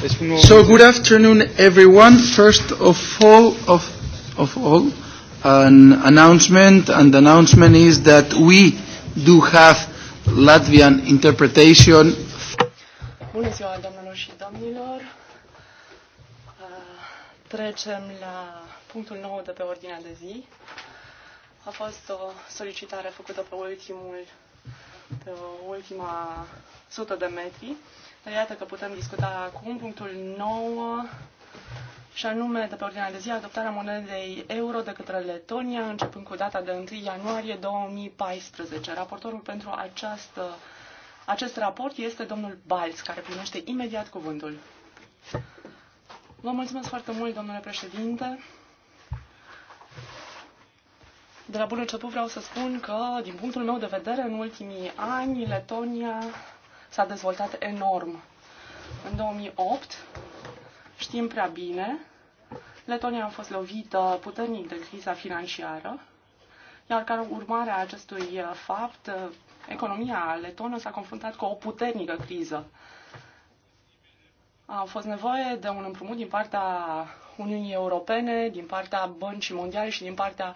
Deci so good afternoon everyone. First of all, of, of all, an announcement, and the announcement is that we do have Latvian interpretation. Bună ziua, domnilor și domnilor. Uh, trecem la punctul nou de pe ordinea de zi. A fost o solicitare făcută pe ultimul, pe ultima sută de metri. Dar iată că putem discuta acum punctul 9 și anume de pe ordinea de zi adoptarea monedei euro de către Letonia începând cu data de 1 ianuarie 2014. Raportorul pentru această, acest raport este domnul Balz, care primește imediat cuvântul. Vă mulțumesc foarte mult, domnule președinte. De la bun început vreau să spun că, din punctul meu de vedere, în ultimii ani, Letonia s-a dezvoltat enorm. În 2008, știm prea bine, Letonia a fost lovită puternic de criza financiară, iar ca urmare a acestui uh, fapt, uh, economia letonă s-a confruntat cu o puternică criză. A fost nevoie de un împrumut din partea Uniunii Europene, din partea Băncii Mondiale și din partea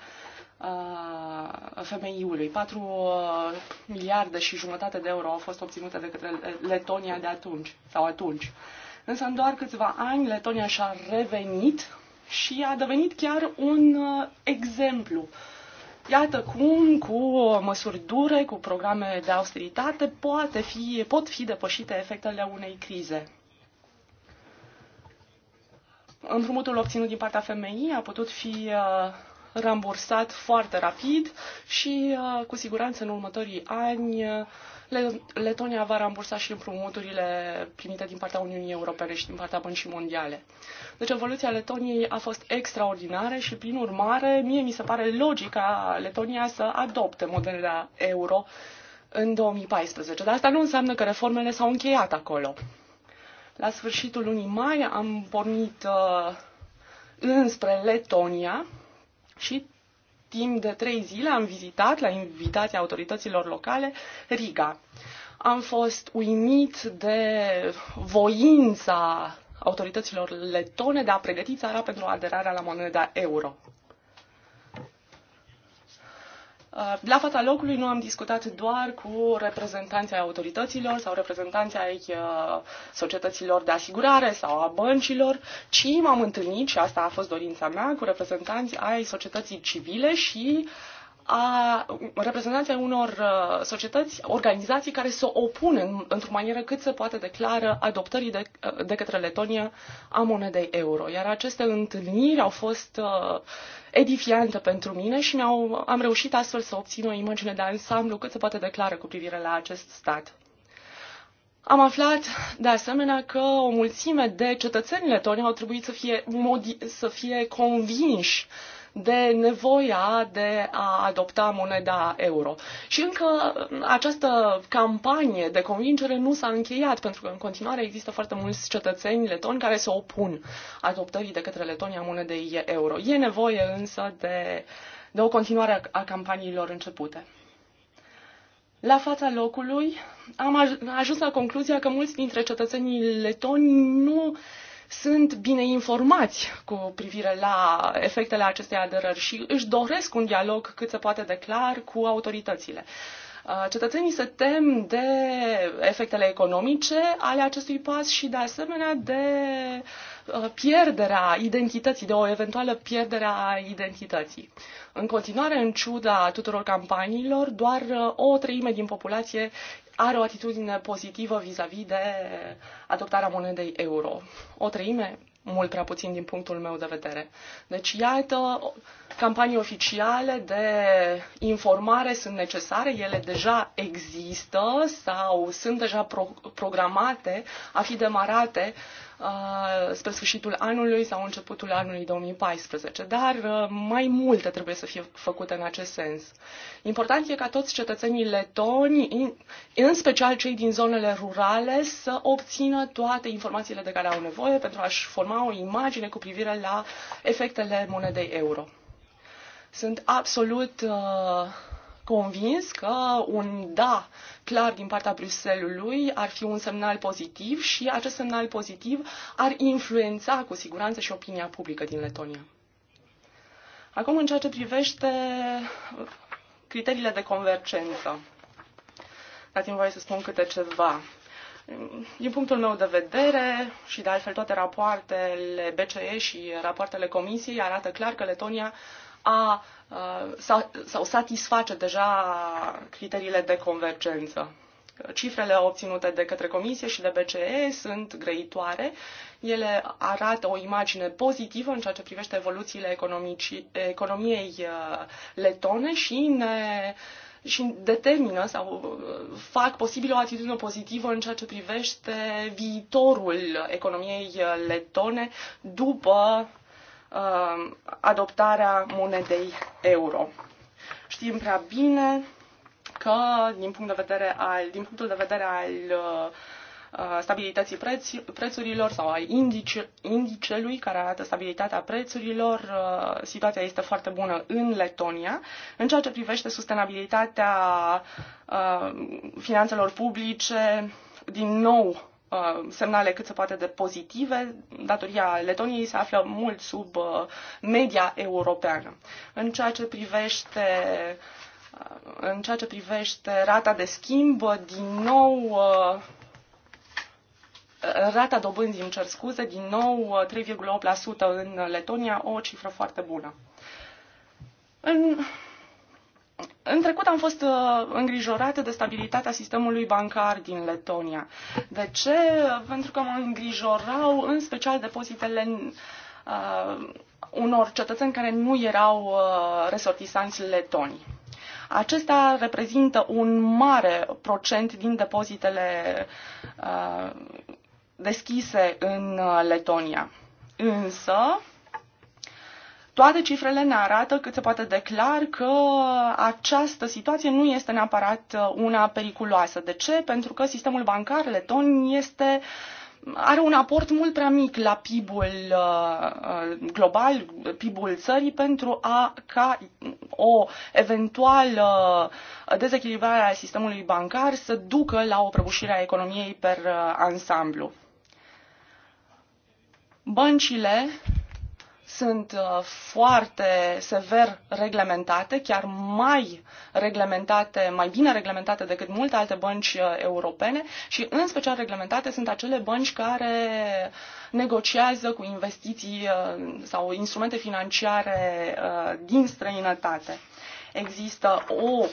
Uh, FMI-ului. 4 uh, miliarde și jumătate de euro au fost obținute de către Letonia de atunci sau atunci. Însă în doar câțiva ani Letonia și-a revenit și a devenit chiar un uh, exemplu. Iată cum cu măsuri dure, cu programe de austeritate poate fi, pot fi depășite efectele unei crize împrumutul obținut din partea femeii a putut fi rambursat foarte rapid și uh, cu siguranță în următorii ani uh, Letonia va rambursa și împrumuturile primite din partea Uniunii Europene și din partea Băncii Mondiale. Deci evoluția Letoniei a fost extraordinară și, prin urmare, mie mi se pare logic ca Letonia să adopte modelul euro în 2014. Dar asta nu înseamnă că reformele s-au încheiat acolo. La sfârșitul lunii mai am pornit uh, înspre Letonia, și timp de trei zile am vizitat, la invitația autorităților locale, Riga. Am fost uimit de voința autorităților letone de a pregăti țara pentru aderarea la moneda euro. Uh, la fața locului nu am discutat doar cu reprezentanții autorităților sau reprezentanții ai uh, societăților de asigurare sau a băncilor, ci m-am întâlnit, și asta a fost dorința mea, cu reprezentanții ai societății civile și uh, a reprezentanții unor uh, societăți, organizații care se opun în, într-o manieră cât se poate declară adoptării de, uh, de către Letonia a monedei euro. Iar aceste întâlniri au fost uh, edifiante pentru mine și mi-au, am reușit astfel să obțin o imagine de ansamblu cât se poate declară cu privire la acest stat. Am aflat, de asemenea, că o mulțime de cetățeni letoni au trebuit să fie, modi- să fie convinși uh, de nevoia de a adopta moneda euro. Și încă mm, această campanie de convingere nu s-a încheiat, pentru că în continuare există foarte mulți cetățeni letoni care se opun adoptării de către Letonia monedei euro. E nevoie însă de, de o continuare a campaniilor începute. La fața locului am ajuns la concluzia că mulți dintre cetățenii letoni nu uh, sunt bine informați cu privire la efectele acestei aderări și își doresc un dialog cât se poate de clar cu autoritățile. Uh, cetățenii se tem de efectele economice ale acestui pas și de asemenea de uh, pierderea identității, de o eventuală pierdere a identității. În continuare, în ciuda tuturor campaniilor, doar uh, o treime din populație are o atitudine pozitivă vis-a-vis -vis de adoptarea monedei euro. O treime, mult prea puțin din punctul meu de vedere. Deci, iată, Campanii oficiale de informare sunt necesare, ele deja există sau sunt deja pro- programate a fi demarate uh, spre sfârșitul anului sau începutul anului 2014, dar uh, mai multe trebuie să fie făcute în acest sens. Important e ca toți cetățenii letoni, în special cei din zonele rurale, să obțină toate informațiile de care au nevoie pentru a-și forma o imagine cu privire la efectele monedei euro. Sunt absolut uh, convins că un da clar din partea Bruxellesului ar fi un semnal pozitiv și acest semnal pozitiv ar influența cu siguranță și opinia publică din Letonia. Acum, în ceea ce privește criteriile de convergență, dați-mi voie să spun câte ceva. Din punctul meu de vedere și de altfel toate rapoartele BCE și rapoartele Comisiei arată clar că Letonia a, sau, sau satisface deja criteriile de convergență. Cifrele obținute de către Comisie și de BCE sunt grăitoare. Ele arată o imagine pozitivă în ceea ce privește evoluțiile economiei uh, letone și ne și determină sau uh, fac posibil o atitudine pozitivă în ceea ce privește viitorul economiei uh, letone după Um, adoptarea monedei euro. Știm prea bine că din, punct de vedere al, din punctul de vedere al uh, uh, stabilității preț, prețurilor sau al indice, indicelui care arată stabilitatea prețurilor, uh, situația este foarte bună în Letonia. În ceea ce privește sustenabilitatea finanțelor publice, din nou Uh, semnale cât se poate de pozitive. Datoria Letoniei se află mult sub uh, media europeană. În ceea ce privește uh, în ceea ce privește rata de schimb, din nou rata dobânzii, îmi cer scuze, din nou 3,8% în Letonia, o cifră foarte bună. În în trecut am fost uh, îngrijorată de stabilitatea sistemului bancar din Letonia. De ce? Pentru că mă îngrijorau în special depozitele uh, unor cetățeni care nu erau uh, resortisanți letoni. Acestea reprezintă un mare procent din depozitele uh, deschise în uh, Letonia. Însă, toate cifrele ne arată cât se poate declar că această situație nu este neapărat uh, una periculoasă. De ce? Pentru că sistemul bancar leton este are un aport mult prea mic la PIB-ul uh, uh, global, PIB-ul țării, pentru a ca o eventuală dezechilibrare a sistemului bancar să ducă la o prăbușire a economiei per ansamblu. Băncile sunt uh, foarte sever reglementate, chiar mai reglementate, mai bine reglementate decât multe alte bănci uh, europene și în special reglementate sunt acele bănci care negociază cu investiții uh, sau instrumente financiare din străinătate. Există o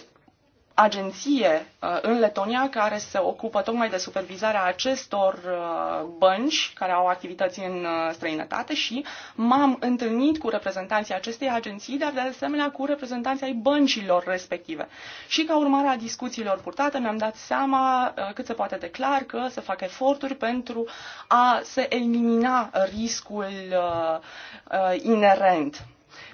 agenție uh, în Letonia care se ocupă tocmai de supervizarea acestor uh, bănci care au activități în uh, străinătate și m-am întâlnit cu reprezentanții acestei agenții, dar de asemenea cu reprezentanții ai băncilor respective. Și ca urmare a discuțiilor purtate mi-am dat seama cât se poate declar că se fac eforturi pentru a se elimina riscul inerent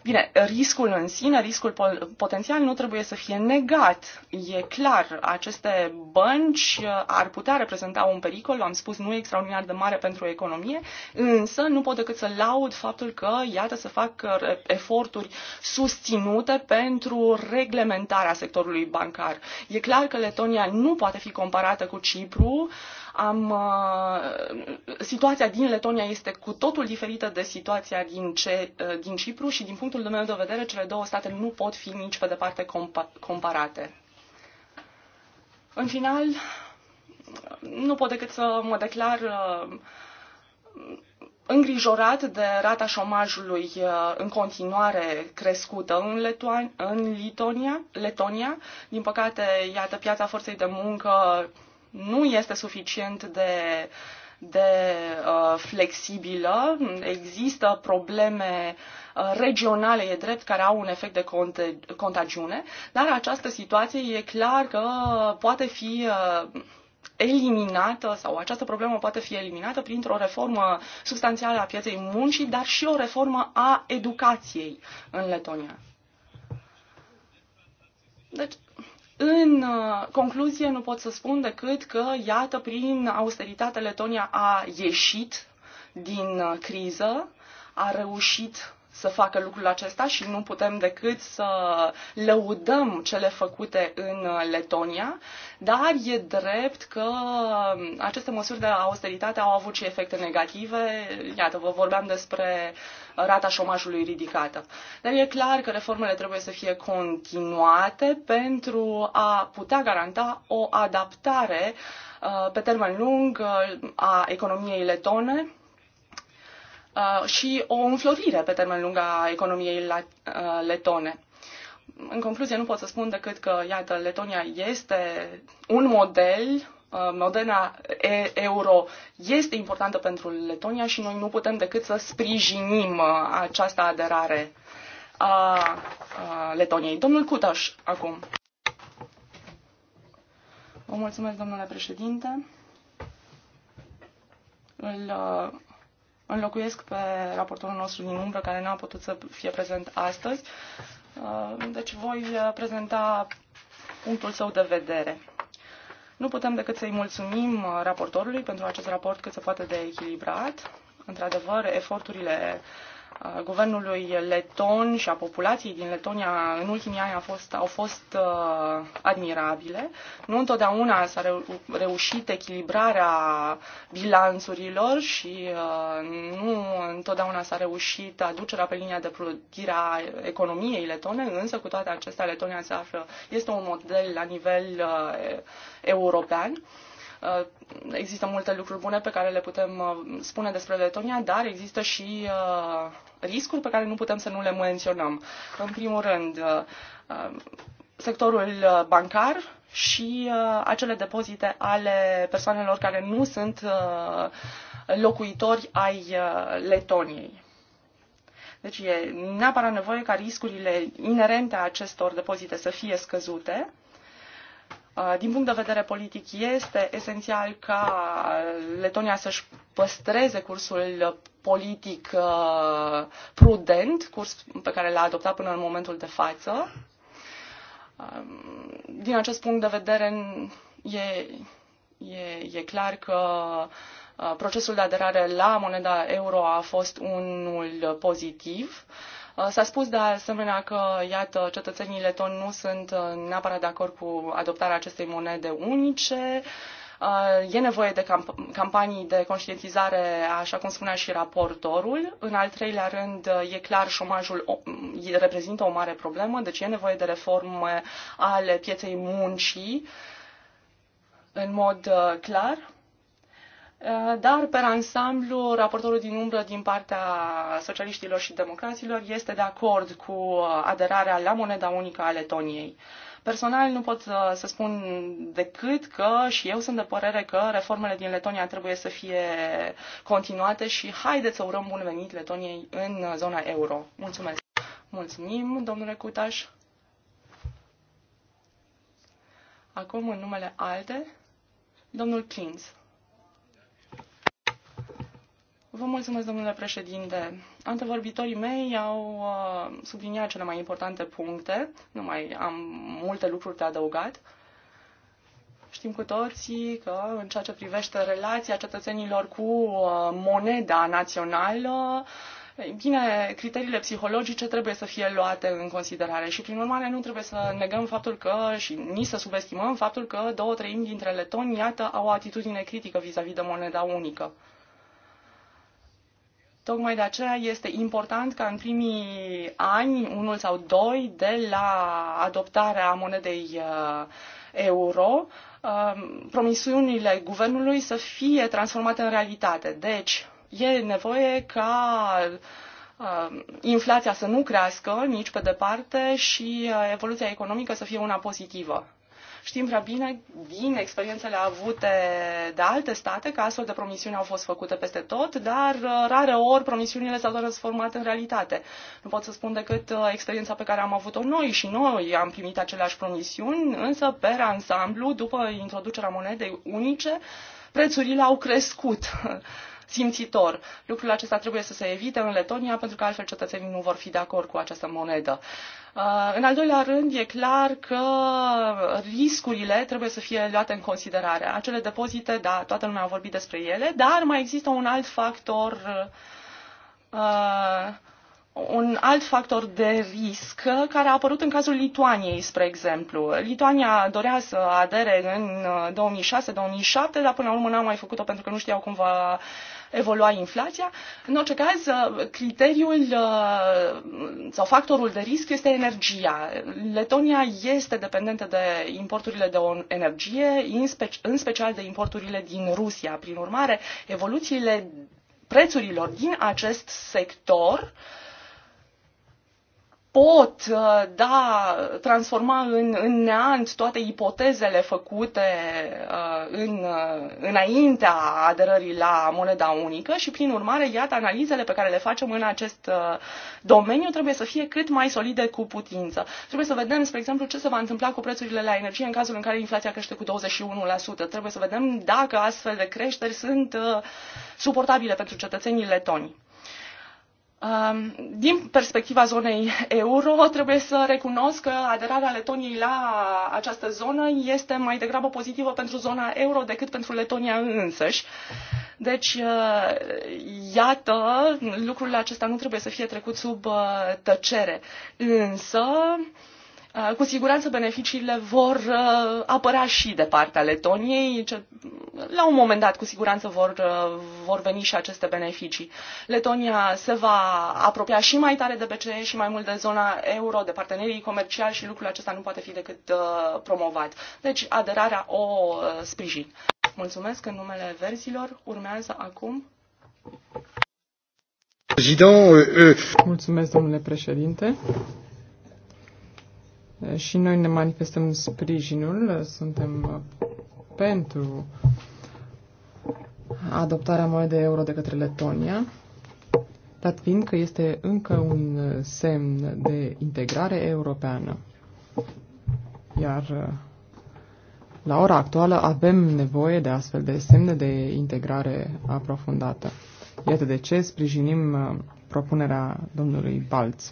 Bine, riscul în sine, riscul potențial nu trebuie să fie negat. E clar, aceste bănci uh, ar putea reprezenta un pericol, am spus, nu extraordinar de mare pentru economie, însă nu pot decât să laud faptul că, iată, să fac uh, eforturi susținute pentru reglementarea sectorului bancar. E clar că Letonia nu poate fi comparată cu Cipru, uh, am, uh, situația din Letonia este cu totul diferită de situația din, ce, uh, din Cipru și din punctul meu de vedere cele două state nu pot fi nici pe departe comparate. În final, nu pot decât să mă declar uh, îngrijorat de rata șomajului în continuare crescută în, Letua- în Litonia, Letonia. Din păcate, iată, piața forței de muncă nu este suficient de de uh, flexibilă, există probleme uh, regionale, e drept, care au un efect de conte, contagiune, dar această situație e clar că poate fi uh, eliminată sau această problemă poate fi eliminată printr-o reformă substanțială a pieței muncii, dar și o reformă a educației în Letonia. Deci, în uh, concluzie, nu pot să spun decât că, iată, prin austeritate Letonia a ieșit din uh, criză, a reușit să facă lucrul acesta și nu putem decât să lăudăm cele făcute în Letonia, dar e drept că aceste măsuri de austeritate au avut și efecte negative. Iată, vă vorbeam despre rata șomajului ridicată. Dar e clar că reformele trebuie să fie continuate pentru a putea garanta o adaptare uh, pe termen lung uh, a economiei letone Uh, și o înflorire pe termen lung a economiei uh, letone. În concluzie, nu pot să spun decât că, iată, Letonia este un model, uh, modena euro este importantă pentru Letonia și noi nu putem decât să sprijinim această aderare a Letoniei. Domnul Cutaș, acum. Vă mulțumesc, domnule președinte. Îl înlocuiesc pe raportorul nostru din umbră, care nu a putut să fie prezent astăzi. Uh, deci voi uh, prezenta punctul său de vedere. Nu putem decât să-i mulțumim uh, raportorului pentru acest raport cât se poate de echilibrat. Într-adevăr, eforturile uh, guvernului leton și a populației din Letonia în ultimii ani a fost, au fost uh, admirabile. Nu întotdeauna s-a reu- reușit echilibrarea bilanțurilor și uh, nu întotdeauna s-a reușit aducerea pe linia de plutire a economiei letone, însă cu toate acestea Letonia se află, este un model la nivel uh, european uh, există multe lucruri bune pe care le putem uh, spune despre Letonia, dar există și uh, riscuri pe care nu putem să nu le menționăm. În primul rând, uh, uh, sectorul uh, bancar și acele depozite ale persoanelor care nu sunt locuitori ai Letoniei. Deci e neapărat nevoie ca riscurile inerente a acestor depozite să fie scăzute Uh, din punct de vedere politic, este esențial ca Letonia să-și păstreze cursul politic uh, prudent, curs pe care l-a adoptat până în momentul de față. Um, din acest punct de vedere, e, e, e clar că uh, procesul de aderare la moneda euro a fost unul pozitiv. Uh, s-a spus de asemenea că, iată, cetățenii letoni nu sunt uh, neapărat de acord cu adoptarea acestei monede unice. Uh, e nevoie de camp- campanii de conștientizare, așa cum spunea și raportorul. În al treilea rând, e clar, șomajul reprezintă o mare problemă, deci e nevoie de reforme ale pieței muncii în mod clar. Uh, dar, pe ansamblu, raportorul din umbră din partea socialiștilor și democraților este de acord cu uh, aderarea la moneda unică a Letoniei. Personal nu pot uh, să spun decât că și eu sunt de părere că reformele din Letonia trebuie să fie continuate și haideți să urăm bun venit Letoniei în zona euro. Mulțumesc! Mulțumim, domnule Cutaș! Acum, în numele alte, domnul Klintz. Vă mulțumesc, domnule președinte. Antevorbitorii mei au uh, subliniat cele mai importante puncte. Nu mai am multe lucruri de adăugat. Știm cu toții că în ceea ce privește relația cetățenilor cu uh, moneda națională, bine, criteriile psihologice trebuie să fie luate în considerare și, prin urmare, nu trebuie să negăm faptul că și nici să subestimăm faptul că două treimi dintre letoni, iată, au o atitudine critică vis-a-vis -vis de moneda unică. Tocmai de aceea este important ca în primii ani, unul sau doi, de la adoptarea monedei uh, euro, um, promisiunile guvernului să fie transformate în realitate. Deci, e nevoie ca um, inflația să nu crească nici pe departe și uh, evoluția economică să fie una pozitivă. Știm prea bine din experiențele avute de alte state că astfel de promisiuni au fost făcute peste tot, dar uh, rare ori promisiunile s-au transformat în realitate. Nu pot să spun decât uh, experiența pe care am avut-o noi și noi am primit aceleași promisiuni, însă pe ansamblu, după introducerea monedei unice, prețurile au crescut. simțitor. Lucrul acesta trebuie să se evite în Letonia, pentru că altfel cetățenii nu vor fi de acord cu această monedă. Uh, în al doilea rând, e clar că riscurile trebuie să fie luate în considerare. Acele depozite, da, toată lumea a vorbit despre ele, dar mai există un alt factor uh, un alt factor de risc care a apărut în cazul Lituaniei, spre exemplu. Lituania dorea să adere în 2006-2007, uh, dar până la urmă n-a mai făcut-o pentru că nu știau cum va evolua inflația. În orice caz, uh, criteriul uh, sau factorul de risc este energia. Letonia este dependentă de importurile de energie, în special de importurile din Rusia. Prin urmare, evoluțiile prețurilor din acest sector uh, pot uh, da, transforma în, în neant toate ipotezele făcute uh, în, uh, înaintea aderării la moneda unică și, prin urmare, iată, analizele pe care le facem în acest domeniu trebuie să fie cât mai solide cu putință. Trebuie să vedem, spre exemplu, ce se va întâmpla cu prețurile la energie în cazul în care inflația crește cu 21%. Trebuie să vedem dacă astfel de creșteri sunt suportabile pentru cetățenii letoni. Um, din perspectiva zonei euro, trebuie să recunosc că aderarea Letoniei la această zonă este mai degrabă pozitivă pentru zona euro decât pentru Letonia însăși. Deci, uh, iată, lucrurile acesta nu trebuie să fie trecut sub uh, tăcere. Însă, uh, cu siguranță beneficiile vor apărea și de partea Letoniei, la un moment dat cu siguranță vor, uh, vor veni și aceste beneficii. Letonia se va apropia și mai tare de BCE și mai mult de zona euro, de partenerii comerciali și lucrul acesta nu poate fi decât uh, promovat. Deci aderarea o uh, sprijin. Mulțumesc în numele verzilor. Urmează acum. Euh, euh. Mulțumesc, domnule președinte. Și noi ne manifestăm sprijinul, suntem pentru adoptarea monedei euro de către Letonia, dat fiind că este încă un semn de integrare europeană. Iar uh, la ora actuală avem nevoie de astfel de semne de integrare aprofundată. Iată de ce sprijinim uh, propunerea domnului Balț,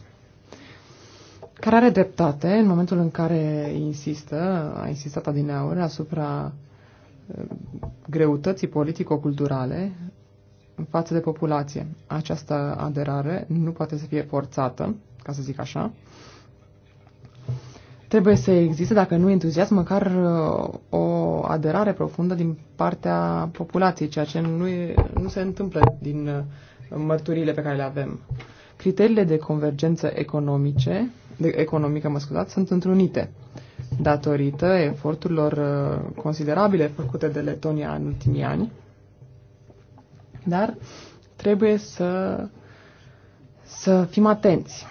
care are dreptate în momentul în care insistă, a insistat adineauri asupra greutății politico-culturale față de populație. Această aderare nu poate să fie forțată, ca să zic așa. Trebuie să existe, dacă nu entuziasm, măcar uh, o aderare profundă din partea populației, ceea ce nu, e, nu se întâmplă din uh, mărturile pe care le avem. Criteriile de convergență economice, de, economică, mă scuzați, sunt întrunite datorită eforturilor uh, considerabile făcute de Letonia în ultimii ani, dar trebuie să, să fim atenți.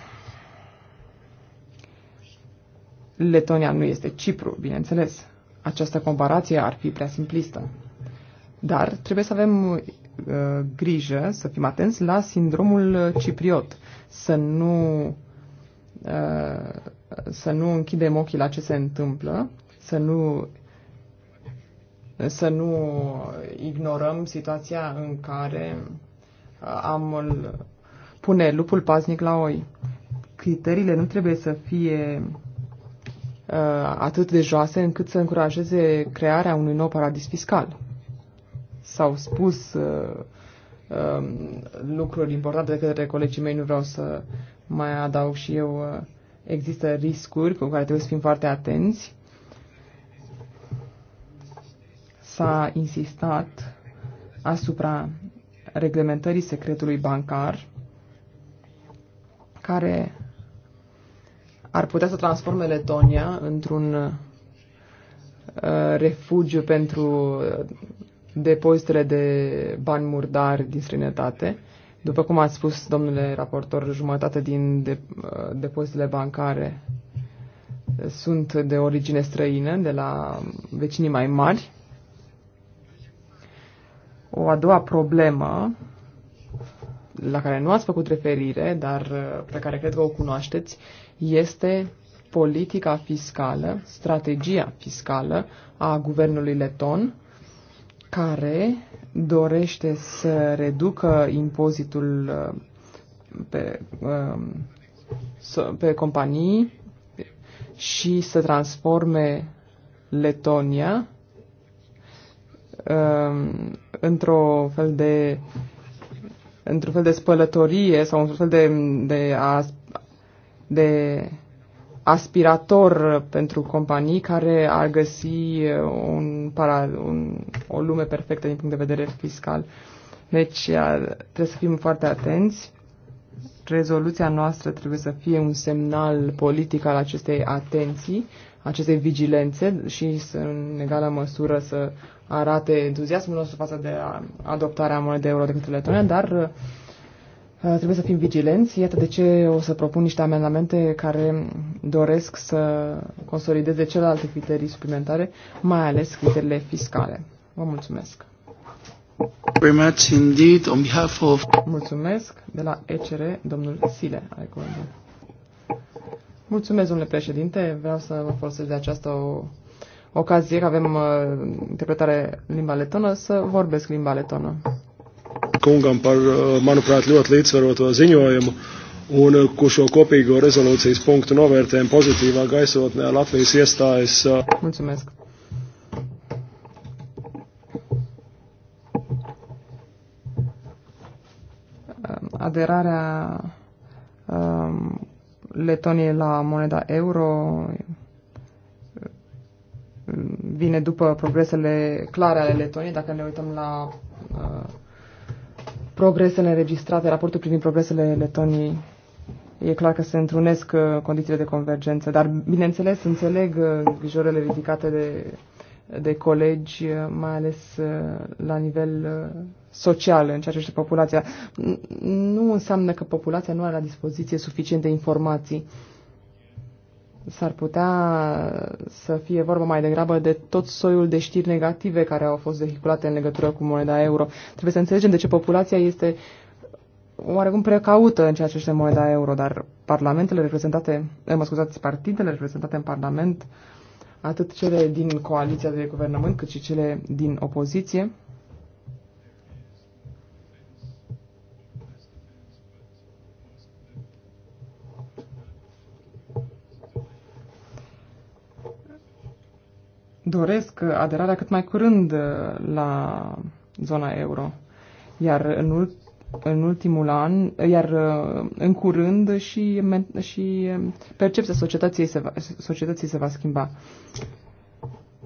Letonia nu este Cipru, bineînțeles. Această comparație ar fi prea simplistă. Dar trebuie să avem uh, grijă, să fim atenți la sindromul cipriot, să nu uh, să nu închidem ochii la ce se întâmplă, să nu să nu ignorăm situația în care uh, am pune lupul paznic la oi. Criteriile nu trebuie să fie uh, atât de joase încât să încurajeze crearea unui nou paradis fiscal. S-au spus uh, uh, lucruri importante de către colegii mei, nu vreau să mai adaug și eu uh, există riscuri cu care trebuie să fim foarte atenți. S-a insistat asupra reglementării secretului bancar, care ar putea să transforme Letonia într-un uh, refugiu pentru uh, depozitele de bani murdari din străinătate după cum a spus, domnule raportor, jumătate din de, uh, depozitele bancare sunt de origine străină, de la vecinii mai mari. O a doua problemă la care nu ați făcut referire, dar uh, pe care cred că o cunoașteți, este politica fiscală, strategia fiscală a guvernului leton, care dorește să reducă impozitul uh, pe, um, pe companii și să transforme Letonia um, într-o fel de într-un fel de spălătorie sau într-un fel de, de, a, de aspirator pentru companii care ar găsi uh, un, para, un, o lume perfectă din punct de vedere fiscal. Deci uh, trebuie să fim foarte atenți. Rezoluția noastră trebuie să fie un semnal politic al acestei atenții, acestei vigilențe și să, în egală măsură să arate entuziasmul nostru față de adoptarea monedei euro de către Letonia, dar uh, Uh, trebuie să fim vigilenți. Iată de ce o să propun niște amendamente care doresc să consolideze celelalte criterii suplimentare, mai ales criteriile fiscale. Vă mulțumesc. Very much indeed on behalf of... Mulțumesc. De la ECR, domnul Sile, are cuvântul. Mulțumesc, domnule președinte. Vreau să mă folosesc de această o ocazie că avem uh, interpretare limba letonă, să vorbesc limba letonă kungam par, eh, manuprāt, ļoti līdzsvaroto ziņojumu un eh, ko šo kopīgo rezolūcijas punktu novērtējam pozitīvā gaisotnē Latvijas iestājas. Eh, Mulțumesc! Aderarea um, Letoniei la moneda euro vine după progresele clare ale Letoniei, dacă ne uităm la uh, progresele înregistrate, raportul privind progresele Letoniei. E clar că se întrunesc uh, condițiile de convergență, dar, bineînțeles, înțeleg uh, îngrijorările ridicate de, de colegi, uh, mai ales la nivel social, în ceea ce este populația. Nu înseamnă că populația nu are la dispoziție suficiente informații s-ar putea să fie vorba mai degrabă de tot soiul de știri negative care au fost vehiculate în legătură cu moneda euro. Trebuie să înțelegem de ce populația este oarecum precaută în ceea ce este moneda euro, dar parlamentele reprezentate, eh, mă scuzați, partidele reprezentate în Parlament, atât cele din coaliția de guvernământ cât și cele din opoziție, doresc aderarea cât mai curând uh, la zona euro. Iar în, în ultimul an, uh, iar uh, în curând și, și percepția societății se va, societății se va schimba.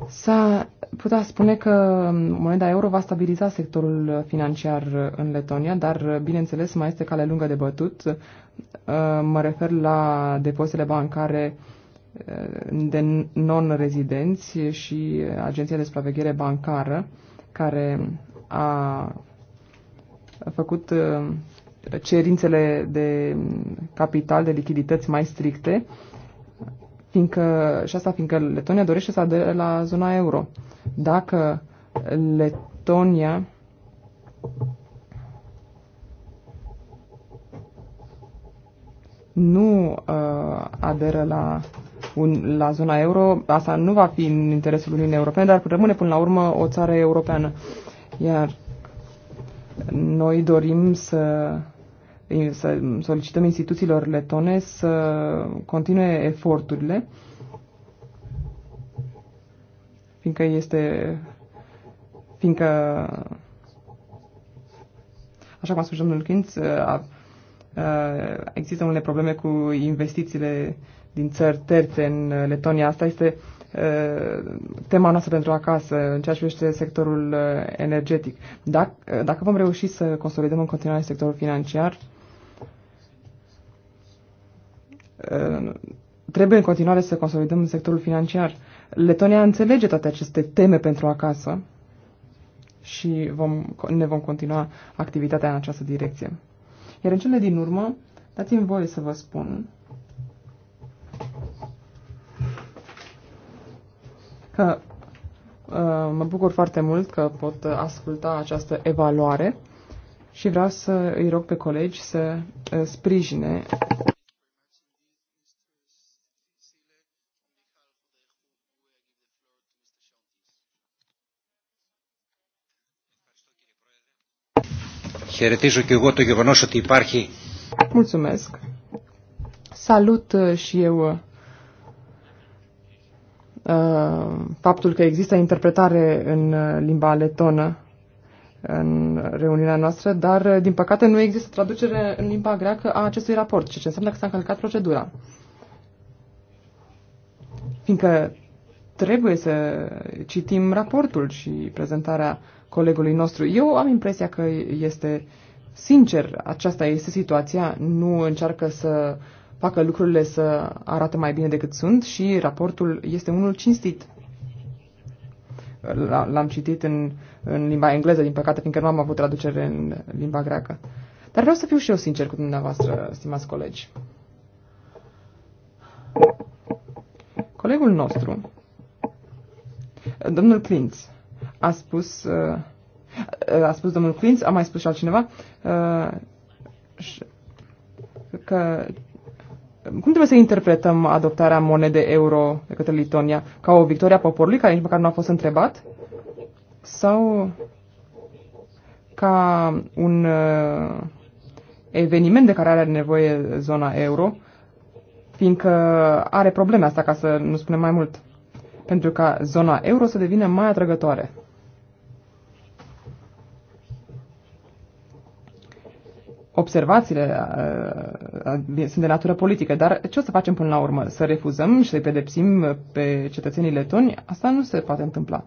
S-a putea spune că um, moneda euro va stabiliza sectorul financiar în Letonia, dar, bineînțeles, mai este cale lungă de bătut. Mă refer la depozitele bancare de non-rezidenți și Agenția de Supraveghere Bancară, care a făcut uh, cerințele de capital, de lichidități mai stricte, fiindcă, și asta fiindcă Letonia dorește să adere la zona euro. Dacă Letonia nu uh, aderă la un, la zona euro, asta nu va fi în interesul Uniunii Europene, dar rămâne până la urmă o țară europeană. Iar noi dorim să, să solicităm instituțiilor letone să continue eforturile, fiindcă este fiindcă așa cum a spus domnul Kintz, există unele probleme cu investițiile din țări terțe în uh, Letonia. Asta este uh, tema noastră pentru acasă în ceea ce privește sectorul uh, energetic. Dacă, dacă vom reuși să consolidăm în continuare sectorul financiar, trebuie în continuare să consolidăm sectorul financiar. Letonia înțelege toate aceste teme pentru acasă și vom, ne vom continua activitatea în această direcție. Iar în cele din urmă, dați-mi voie să vă spun că uh, mă bucur foarte mult că pot asculta această evaluare și vreau să îi rog pe colegi să uh, sprijine Χαιρετίζω και εγώ το γεγονός ότι υπάρχει. Mulțumesc. Salut uh, și eu Uh, faptul că există interpretare în uh, limba letonă în reuniunea noastră, dar uh, din păcate nu există traducere în limba greacă a acestui raport, ceea ce înseamnă că s-a încălcat procedura. Fiindcă trebuie să citim raportul și prezentarea colegului nostru. Eu am impresia că este sincer, aceasta este situația, nu încearcă să facă lucrurile să arate mai bine decât sunt și raportul este unul cinstit. L-am citit în, în limba engleză, din păcate, fiindcă nu am avut traducere în limba greacă. Dar vreau să fiu și eu sincer cu dumneavoastră, stimați colegi. Colegul nostru, domnul Clintz, a spus, uh, a spus domnul Clintz, a mai spus și altcineva, uh, că cum trebuie să interpretăm adoptarea monede euro de către Litonia? Ca o victoria poporului care nici măcar nu a fost întrebat? Sau ca un uh, eveniment de care are nevoie zona euro, fiindcă are probleme asta, ca să nu spunem mai mult, pentru ca zona euro să devină mai atrăgătoare. observațiile uh, uh, sunt de natură politică, dar ce o să facem până la urmă? Să refuzăm și să-i pedepsim pe cetățenii letoni? Asta nu se poate întâmpla.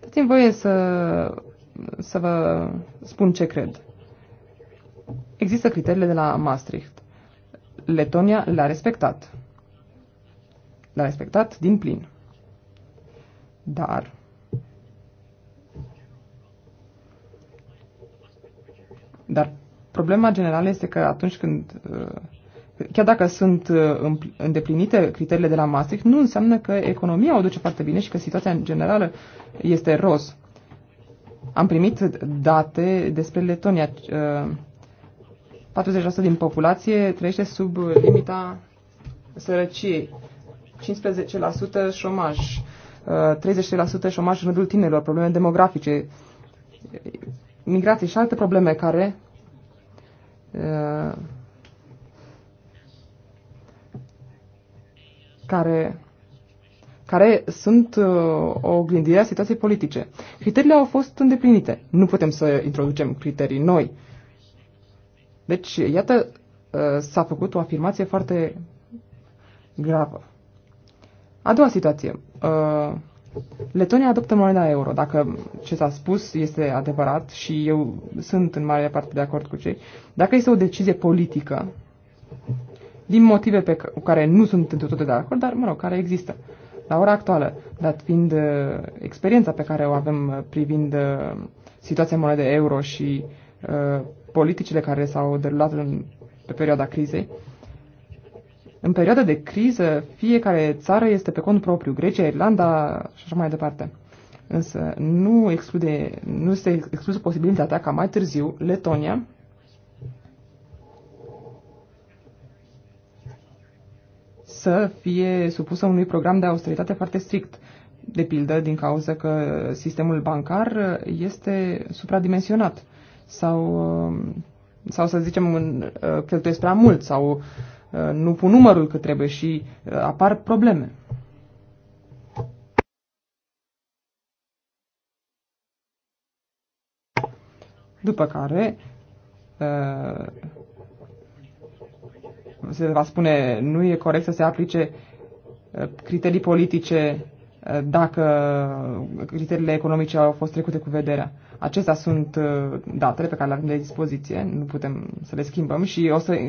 Dați-mi voie să, să vă spun ce cred. Există criteriile de la Maastricht. Letonia le-a respectat. Le-a respectat din plin. Dar dar problema generală este că atunci când, uh, chiar dacă sunt uh, îndeplinite criteriile de la Maastricht, nu înseamnă că economia o duce foarte bine și că situația în generală este roz. Am primit date despre Letonia. 40% uh, din populație trăiește sub limita sărăciei, 15% șomaj, 30% șomaj în rândul tinerilor, probleme demografice, migrații și alte probleme care care, care sunt uh, o oglindire a situației politice. Criteriile au fost îndeplinite. Nu putem să introducem criterii noi. Deci, iată, uh, s-a făcut o afirmație foarte gravă. A doua situație. Uh, Letonia adoptă moneda euro. Dacă ce s-a spus este adevărat și eu sunt în mare parte de acord cu cei, dacă este o decizie politică, din motive pe care nu sunt într totul de acord, dar, mă rog, care există la ora actuală, dat fiind uh, experiența pe care o avem uh, privind uh, situația monedei euro și uh, politicile care s-au derulat în, pe perioada crizei, uh, în perioada de criză, fiecare țară este pe cont propriu, Grecia, Irlanda și așa mai departe. Însă nu, exclude, nu este exclusă posibilitatea ca mai târziu Letonia să fie supusă unui program de austeritate foarte strict, de pildă din cauza că sistemul bancar este supradimensionat sau, sau să zicem, cheltuiesc prea mult sau uh, Uh, nu pun numărul cât trebuie și uh, apar probleme. După care uh, se va spune nu e corect să se aplice criterii politice dacă criteriile economice au fost trecute cu vederea. Acestea sunt uh, datele pe care le avem de dispoziție, nu putem să le schimbăm și o să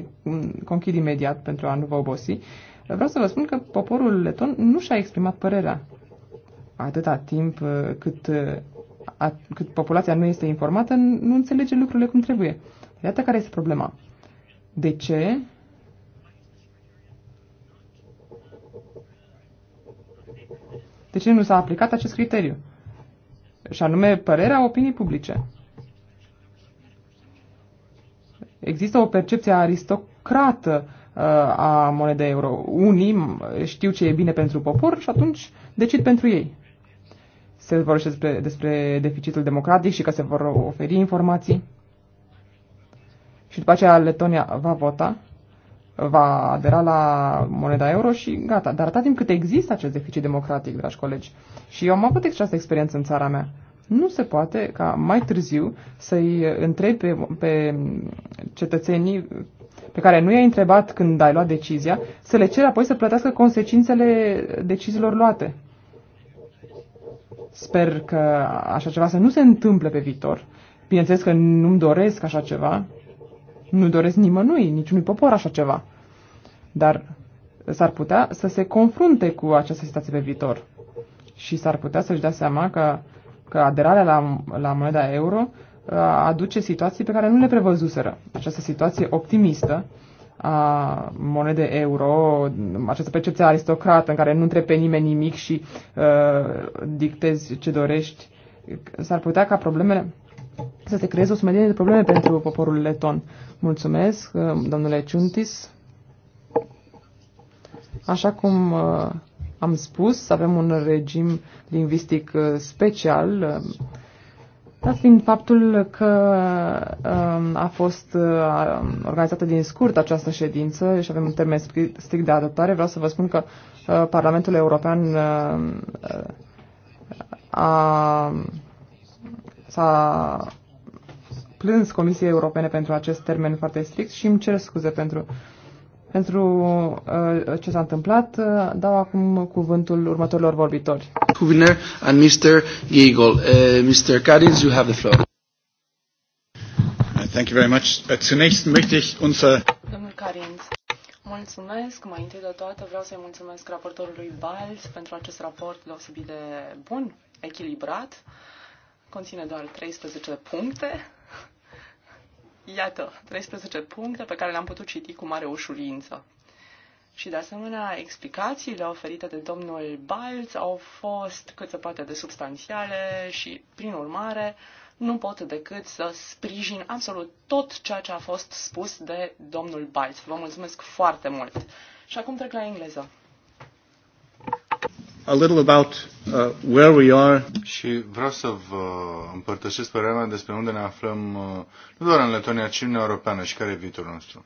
conchid imediat pentru a nu vă obosi. Vreau să vă spun că poporul leton nu și-a exprimat părerea atâta timp uh, cât, uh, a, cât populația nu este informată, nu înțelege lucrurile cum trebuie. Iată care este problema. De ce de ce nu s-a aplicat acest criteriu, și anume părerea opinii publice. Există o percepție aristocrată uh, a monedei euro. Unii știu ce e bine pentru popor și atunci decid pentru ei. Se vorbește despre, despre deficitul democratic și că se vor oferi informații. Și după aceea Letonia va vota va adera la moneda euro și gata. Dar atâta timp cât există acest deficit democratic, dragi colegi, și eu am avut această experiență în țara mea, nu se poate ca mai târziu să-i întrebi pe, pe cetățenii pe care nu i-ai întrebat când ai luat decizia, să le ceri apoi să plătească consecințele deciziilor luate. Sper că așa ceva să nu se întâmple pe viitor. Bineînțeles că nu-mi doresc așa ceva, nu doresc nimănui, niciunui popor așa ceva. Dar s-ar putea să se confrunte cu această situație pe viitor. Și s-ar putea să-și dea seama că, că aderarea la, la moneda euro uh, aduce situații pe care nu le prevăzuseră. Această situație optimistă a monede euro, această percepție aristocrată în care nu trebuie pe nimeni nimic și uh, dictezi ce dorești, s-ar putea ca problemele să se creeze o sumedenie de probleme pentru poporul leton. Mulțumesc, uh, domnule Ciuntis. Așa cum uh, am spus, avem un regim lingvistic uh, special, dar fiind faptul că a fost organizată din scurt această ședință și avem un termen strict de adoptare, vreau să vă spun că Parlamentul European a s-a plâns Comisiei Europene pentru acest termen foarte strict și îmi cer scuze pentru, pentru uh, ce s-a întâmplat. Uh, dau acum cuvântul următorilor vorbitori. Huvner and Mr. Giegel. Uh, Mr. Karins, you have the floor. Uh, thank you very much. Uh, zunächst möchte ich unser... Domnul Carinț, Mulțumesc. Mai întâi de toate vreau să-i mulțumesc raportorului Valls pentru acest raport deosebit de bun, echilibrat. Conține doar 13 puncte. Iată, 13 puncte pe care le-am putut citi cu mare ușurință. Și de asemenea, explicațiile oferite de domnul Biles au fost cât se poate de substanțiale și, prin urmare, nu pot decât să sprijin absolut tot ceea ce a fost spus de domnul Biles. Vă mulțumesc foarte mult! Și acum trec la engleză a little about uh, where we are. Și vreau să vă împărtășesc părerea mea despre unde ne aflăm, uh, nu doar în Letonia, ci în Europeană și care e viitorul nostru.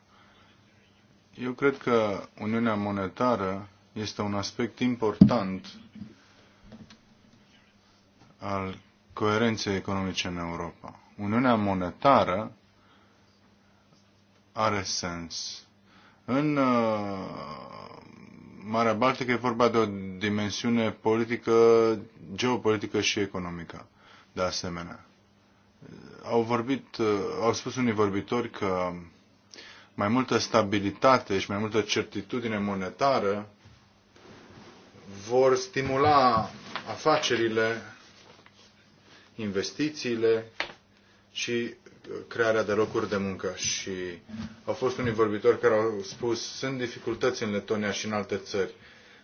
Eu cred că Uniunea Monetară este un aspect important al coerenței economice în Europa. Uniunea monetară are sens. În uh, Marea Baltică e vorba de o dimensiune politică, geopolitică și economică, de asemenea. Au vorbit, au spus unii vorbitori că mai multă stabilitate și mai multă certitudine monetară vor stimula afacerile, investițiile și crearea de locuri de muncă și au fost unii vorbitori care au spus sunt dificultăți în Letonia și în alte țări,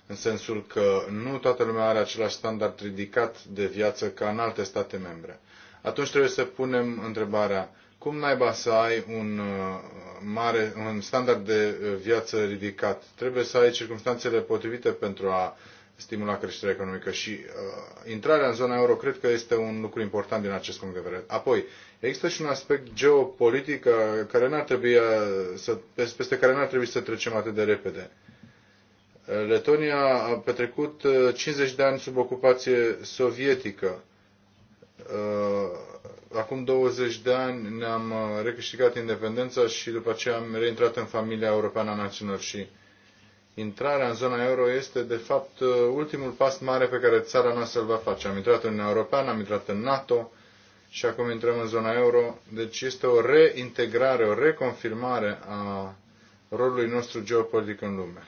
în sensul că nu toată lumea are același standard ridicat de viață ca în alte state membre. Atunci trebuie să punem întrebarea cum naiba să ai un, uh, mare, un standard de uh, viață ridicat? Trebuie să ai circunstanțele potrivite pentru a stimula creșterea economică și uh, intrarea în zona euro cred că este un lucru important din acest punct de vedere. Apoi, există și un aspect geopolitic uh, care n-ar trebui uh, să, peste care n-ar trebui să trecem atât de repede. Uh, Letonia a petrecut 50 de ani sub ocupație sovietică. Acum 20 de ani ne-am recâștigat independența și după aceea am reintrat în familia europeană a națiunilor și intrarea în zona euro este, de fapt, ultimul pas mare pe care țara noastră îl va face. Am intrat în Uniunea Europeană, am intrat în NATO și acum intrăm în zona euro. Deci este o reintegrare, o reconfirmare a rolului nostru geopolitic în lume.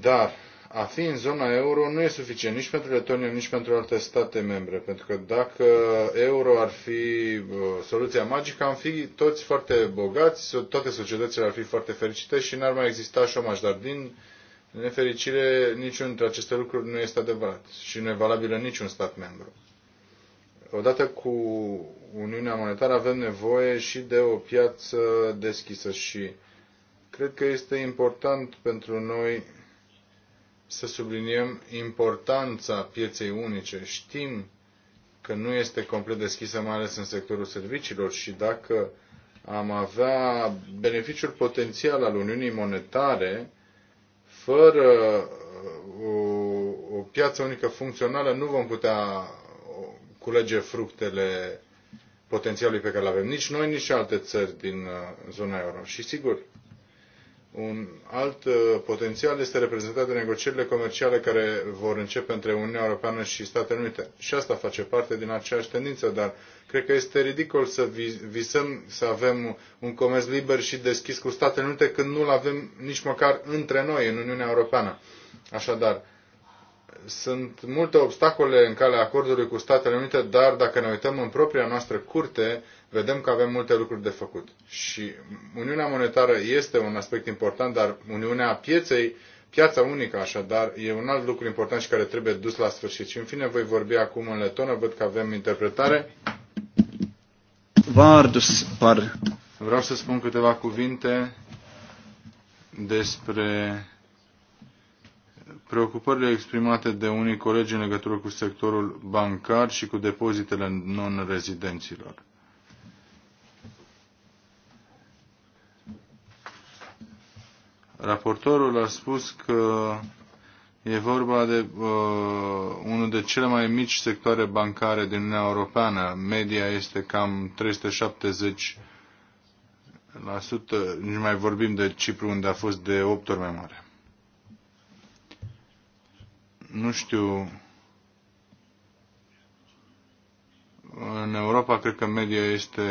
Dar a fi în zona euro nu e suficient nici pentru Letonia, nici pentru alte state membre, pentru că dacă euro ar fi uh, soluția magică, am fi toți foarte bogați, toate societățile ar fi foarte fericite și n-ar mai exista șomaj, dar din nefericire niciun dintre aceste lucruri nu este adevărat și nu e valabil în niciun stat membru. Odată cu Uniunea Monetară avem nevoie și de o piață deschisă și cred că este important pentru noi să subliniem importanța pieței unice. Știm că nu este complet deschisă, mai ales în sectorul serviciilor și dacă am avea beneficiul potențial al Uniunii Monetare, fără uh, o, o piață unică funcțională nu vom putea uh, culege fructele potențialului pe care îl avem, nici noi, nici alte țări din uh, zona euro. Și sigur, un alt uh, potențial este reprezentat de negocierile comerciale care vor începe între Uniunea Europeană și Statele Unite. Și asta face parte din aceeași tendință, dar cred că este ridicol să visăm să avem un comerț liber și deschis cu Statele Unite când nu-l avem nici măcar între noi, în Uniunea Europeană. Așadar, sunt multe obstacole în calea acordului cu Statele Unite, dar dacă ne uităm în propria noastră curte, vedem că avem multe lucruri de făcut. Și Uniunea Monetară este un aspect important, dar Uniunea Pieței, piața unică așadar, e un alt lucru important și care trebuie dus la sfârșit. Și în fine voi vorbi acum în letonă, văd că avem interpretare. Vardus par. Vreau să spun câteva cuvinte despre preocupările exprimate de unii colegi în legătură cu sectorul bancar și cu depozitele non-rezidenților. Raportorul a spus că e vorba de uh, unul de cele mai mici sectoare bancare din Uniunea Europeană. Media este cam 370 la sută, nici mai vorbim de Cipru unde a fost de 8 ori mai mare nu știu, în Europa cred că media este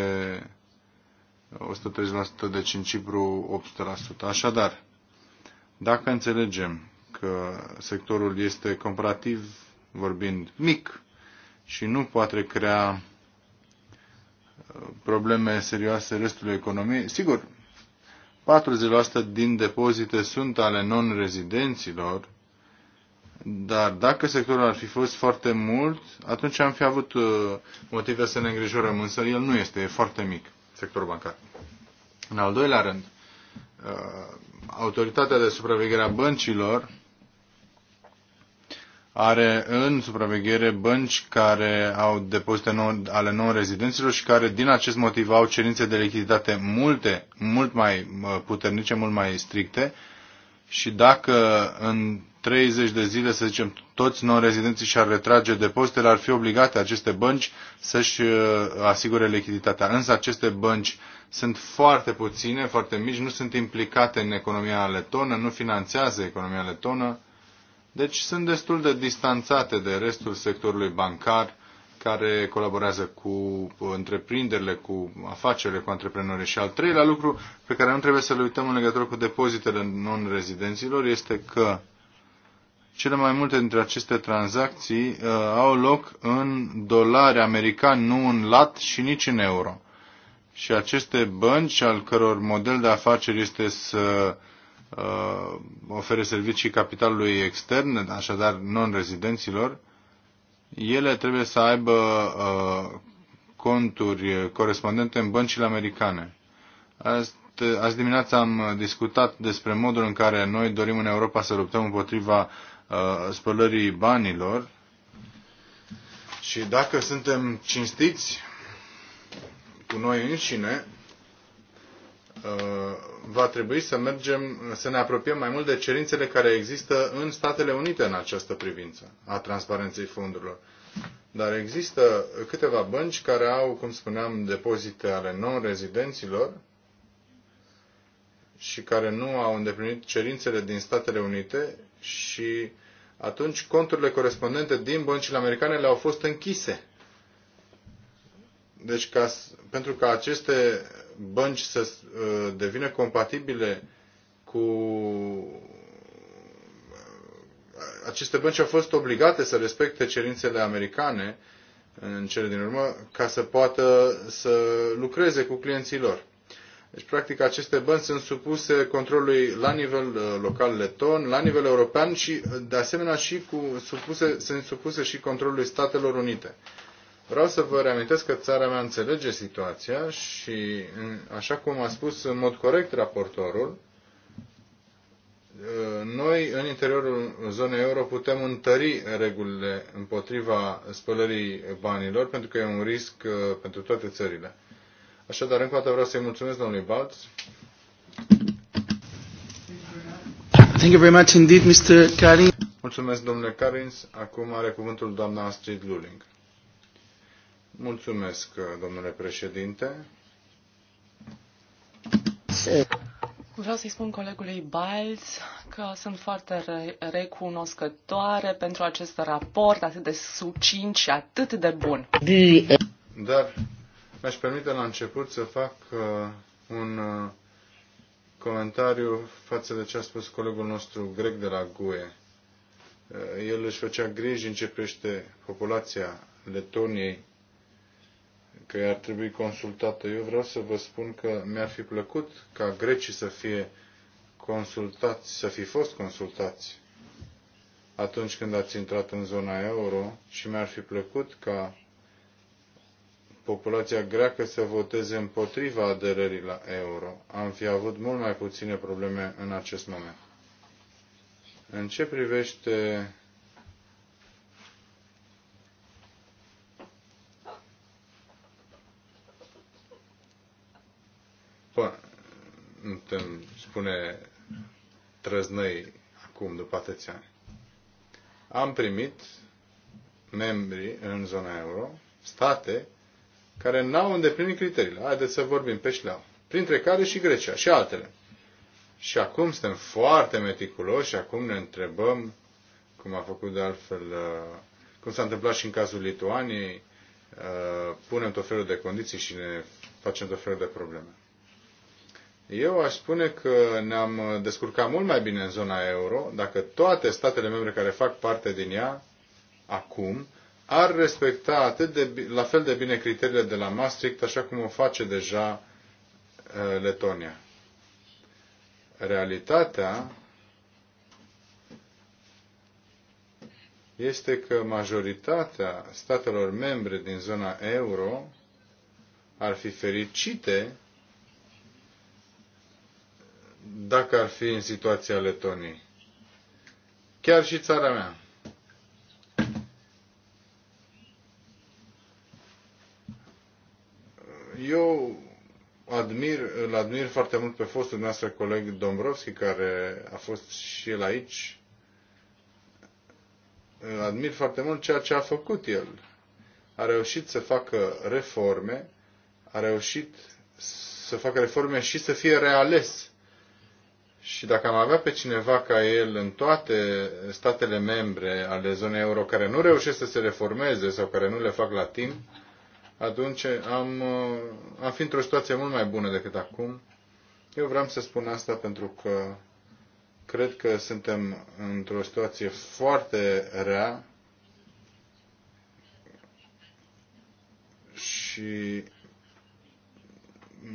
130%, deci în Cipru 800%. Așadar, dacă înțelegem că sectorul este comparativ vorbind mic și nu poate crea uh, probleme serioase restului economiei, sigur, 40% din depozite sunt ale non-rezidenților, dar dacă sectorul ar fi fost foarte mult, atunci am fi avut uh, motive să ne îngrijorăm, însă el nu este, e foarte mic, sectorul bancar. În al doilea rând, uh, autoritatea de supraveghere a băncilor are în supraveghere bănci care au depozite nou, ale non-rezidenților și care din acest motiv au cerințe de lichiditate multe, mult mai uh, puternice, mult mai stricte și dacă în 30 de zile, să zicem, toți non-rezidenții și-ar retrage depozitele, ar fi obligate aceste bănci să-și uh, asigure lichiditatea. Însă aceste bănci sunt foarte puține, foarte mici, nu sunt implicate în economia letonă, nu finanțează economia letonă, deci sunt destul de distanțate de restul sectorului bancar care colaborează cu întreprinderile, cu afacerile, cu antreprenorii. Și al treilea lucru pe care nu trebuie să-l uităm în legătură cu depozitele non-rezidenților este că cele mai multe dintre aceste tranzacții uh, au loc în dolari americani, nu în lat și nici în euro. Și aceste bănci, al căror model de afaceri este să uh, ofere servicii capitalului extern, așadar non-rezidenților, ele trebuie să aibă uh, conturi corespondente în băncile americane. Asta azi dimineața am discutat despre modul în care noi dorim în Europa să luptăm împotriva spălării banilor. Și dacă suntem cinstiți cu noi înșine, va trebui să mergem, să ne apropiem mai mult de cerințele care există în Statele Unite în această privință a transparenței fondurilor. Dar există câteva bănci care au, cum spuneam, depozite ale non-rezidenților și care nu au îndeplinit cerințele din Statele Unite și atunci conturile corespondente din băncile americane le-au fost închise. Deci ca, pentru ca aceste bănci să uh, devină compatibile cu uh, aceste bănci au fost obligate să respecte cerințele americane în cele din urmă ca să poată să lucreze cu clienții lor. Deci, practic, aceste bănci sunt supuse controlului la nivel uh, local leton, la nivel european și, uh, de asemenea, și cu, supuse, sunt supuse și controlului Statelor Unite. Vreau să vă reamintesc că țara mea înțelege situația și, așa cum a spus în mod corect raportorul, uh, noi, în interiorul zonei euro, putem întări regulile împotriva spălării banilor, pentru că e un risc pentru toate țările. Așadar, încă o dată vreau să-i mulțumesc domnului Balț. Thank you very much indeed, Mr. Karin. Mulțumesc, domnule Carins. Acum are cuvântul doamna Astrid Luling. Mulțumesc, domnule președinte. Vreau să-i spun colegului Balz că sunt foarte recunoscătoare pentru acest raport atât de succint și atât de bun. Dar mi-aș permite la început să fac uh, un uh, comentariu față de ce a spus colegul nostru grec de la GUE. Uh, el își făcea griji în ce privește populația Letoniei, că ar trebui consultată. Eu vreau să vă spun că mi-ar fi plăcut ca grecii să fie consultați, să fi fost consultați atunci când ați intrat în zona euro și mi-ar fi plăcut ca populația greacă să voteze împotriva aderării la euro. Am fi avut mult mai puține probleme în acest moment. În ce privește nu te spune trăznăi acum, după atâția ani. Am primit membri în zona euro, state care n-au îndeplinit criteriile. Haideți să vorbim pe șleau. Printre care și Grecia și altele. Și acum suntem foarte meticuloși și acum ne întrebăm, cum a făcut de altfel, uh, cum s-a întâmplat și în cazul Lituaniei, uh, punem tot felul de condiții și ne facem tot felul de probleme. Eu aș spune că ne-am descurcat mult mai bine în zona euro dacă toate statele membre care fac parte din ea acum ar respecta atât de, la fel de bine criteriile de la Maastricht, așa cum o face deja uh, Letonia. Realitatea este că majoritatea statelor membre din zona euro ar fi fericite dacă ar fi în situația Letoniei. Chiar și țara mea. Eu admir, îl admir foarte mult pe fostul noastră coleg Dombrovski, care a fost și el aici. Îl admir foarte mult ceea ce a făcut el. A reușit să facă reforme, a reușit să facă reforme și să fie reales. Și dacă am avea pe cineva ca el în toate statele membre ale zonei euro care nu reușesc să se reformeze sau care nu le fac la timp, atunci am, am fi într-o situație mult mai bună decât acum. Eu vreau să spun asta pentru că cred că suntem într-o situație foarte rea și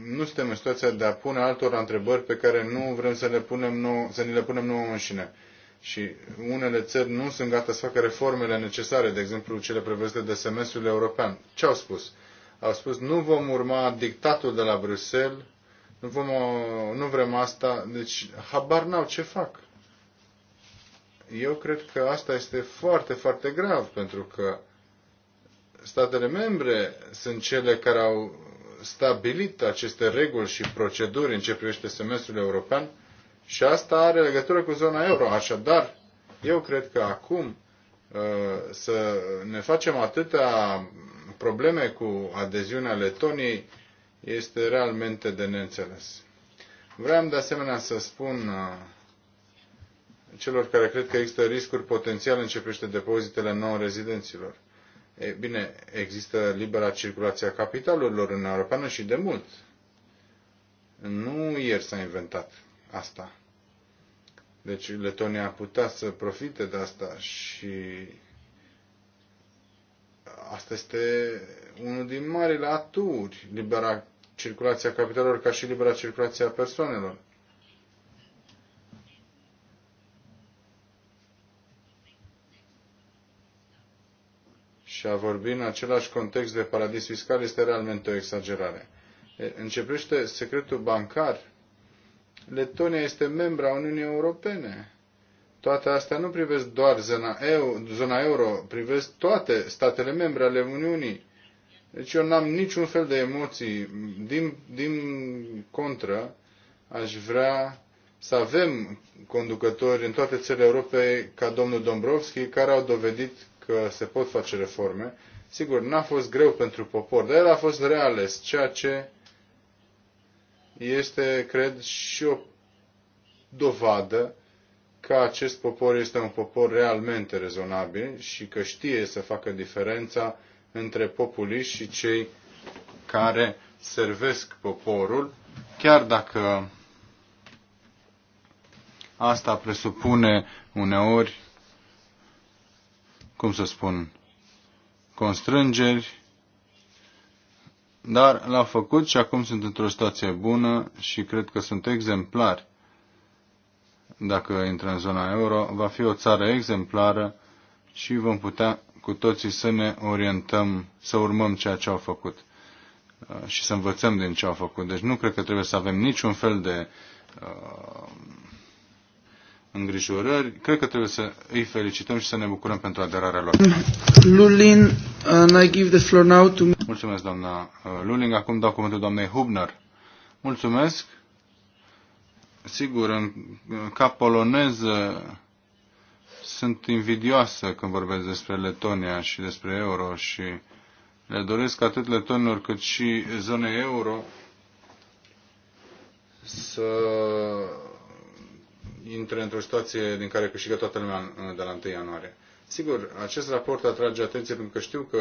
nu suntem în situația de a pune altora întrebări pe care nu vrem să, le punem nou, să ni le punem nouă înșine și unele țări nu sunt gata să facă reformele necesare, de exemplu cele prevăzute de semestrul european. Ce au spus? Au spus nu vom urma dictatul de la Bruxelles, nu, vom, nu vrem asta, deci habar n-au ce fac. Eu cred că asta este foarte, foarte grav, pentru că statele membre sunt cele care au stabilit aceste reguli și proceduri în ce privește semestrul european și asta are legătură cu zona euro. Așadar, eu cred că acum uh, să ne facem atâtea probleme cu adeziunea Letoniei este realmente de neînțeles. Vreau de asemenea să spun uh, celor care cred că există riscuri potențiale în ce privește depozitele non-rezidenților. E, bine, există libera circulație a capitalurilor în Europeană și de mult. Nu ieri s-a inventat asta. Deci Letonia a putea să profite de asta și asta este unul din marile aturi, libera circulația capitalelor ca și libera circulația persoanelor. Și a vorbi în același context de paradis fiscal este realmente o exagerare. Începește secretul bancar Letonia este membra Uniunii Europene. Toate astea nu privesc doar zona, eu, zona euro, privesc toate statele membre ale Uniunii. Deci eu n-am niciun fel de emoții. Din, din contră, aș vrea să avem conducători în toate țările Europei ca domnul Dombrovski, care au dovedit că se pot face reforme. Sigur, n-a fost greu pentru popor, dar el a fost reales, ceea ce este, cred, și o dovadă că acest popor este un popor realmente rezonabil și că știe să facă diferența între populiști și cei care servesc poporul, chiar dacă asta presupune uneori, cum să spun, constrângeri dar l-au făcut și acum sunt într-o situație bună și cred că sunt exemplari. Dacă intră în zona euro, va fi o țară exemplară și vom putea cu toții să ne orientăm, să urmăm ceea ce au făcut uh, și să învățăm din ce au făcut. Deci nu cred că trebuie să avem niciun fel de uh, îngrijorări. Cred că trebuie să îi felicităm și să ne bucurăm pentru aderarea lor. Lulin, uh, and I give the floor now to Mulțumesc, doamna uh, Luling. Acum dau cuvântul doamnei Hubner. Mulțumesc. Sigur, în, ca poloneză sunt invidioasă când vorbesc despre Letonia și despre euro și le doresc atât letonilor cât și zonei euro să intre într-o situație din care câștigă toată lumea de la 1 ianuarie. Sigur, acest raport atrage atenție pentru că știu că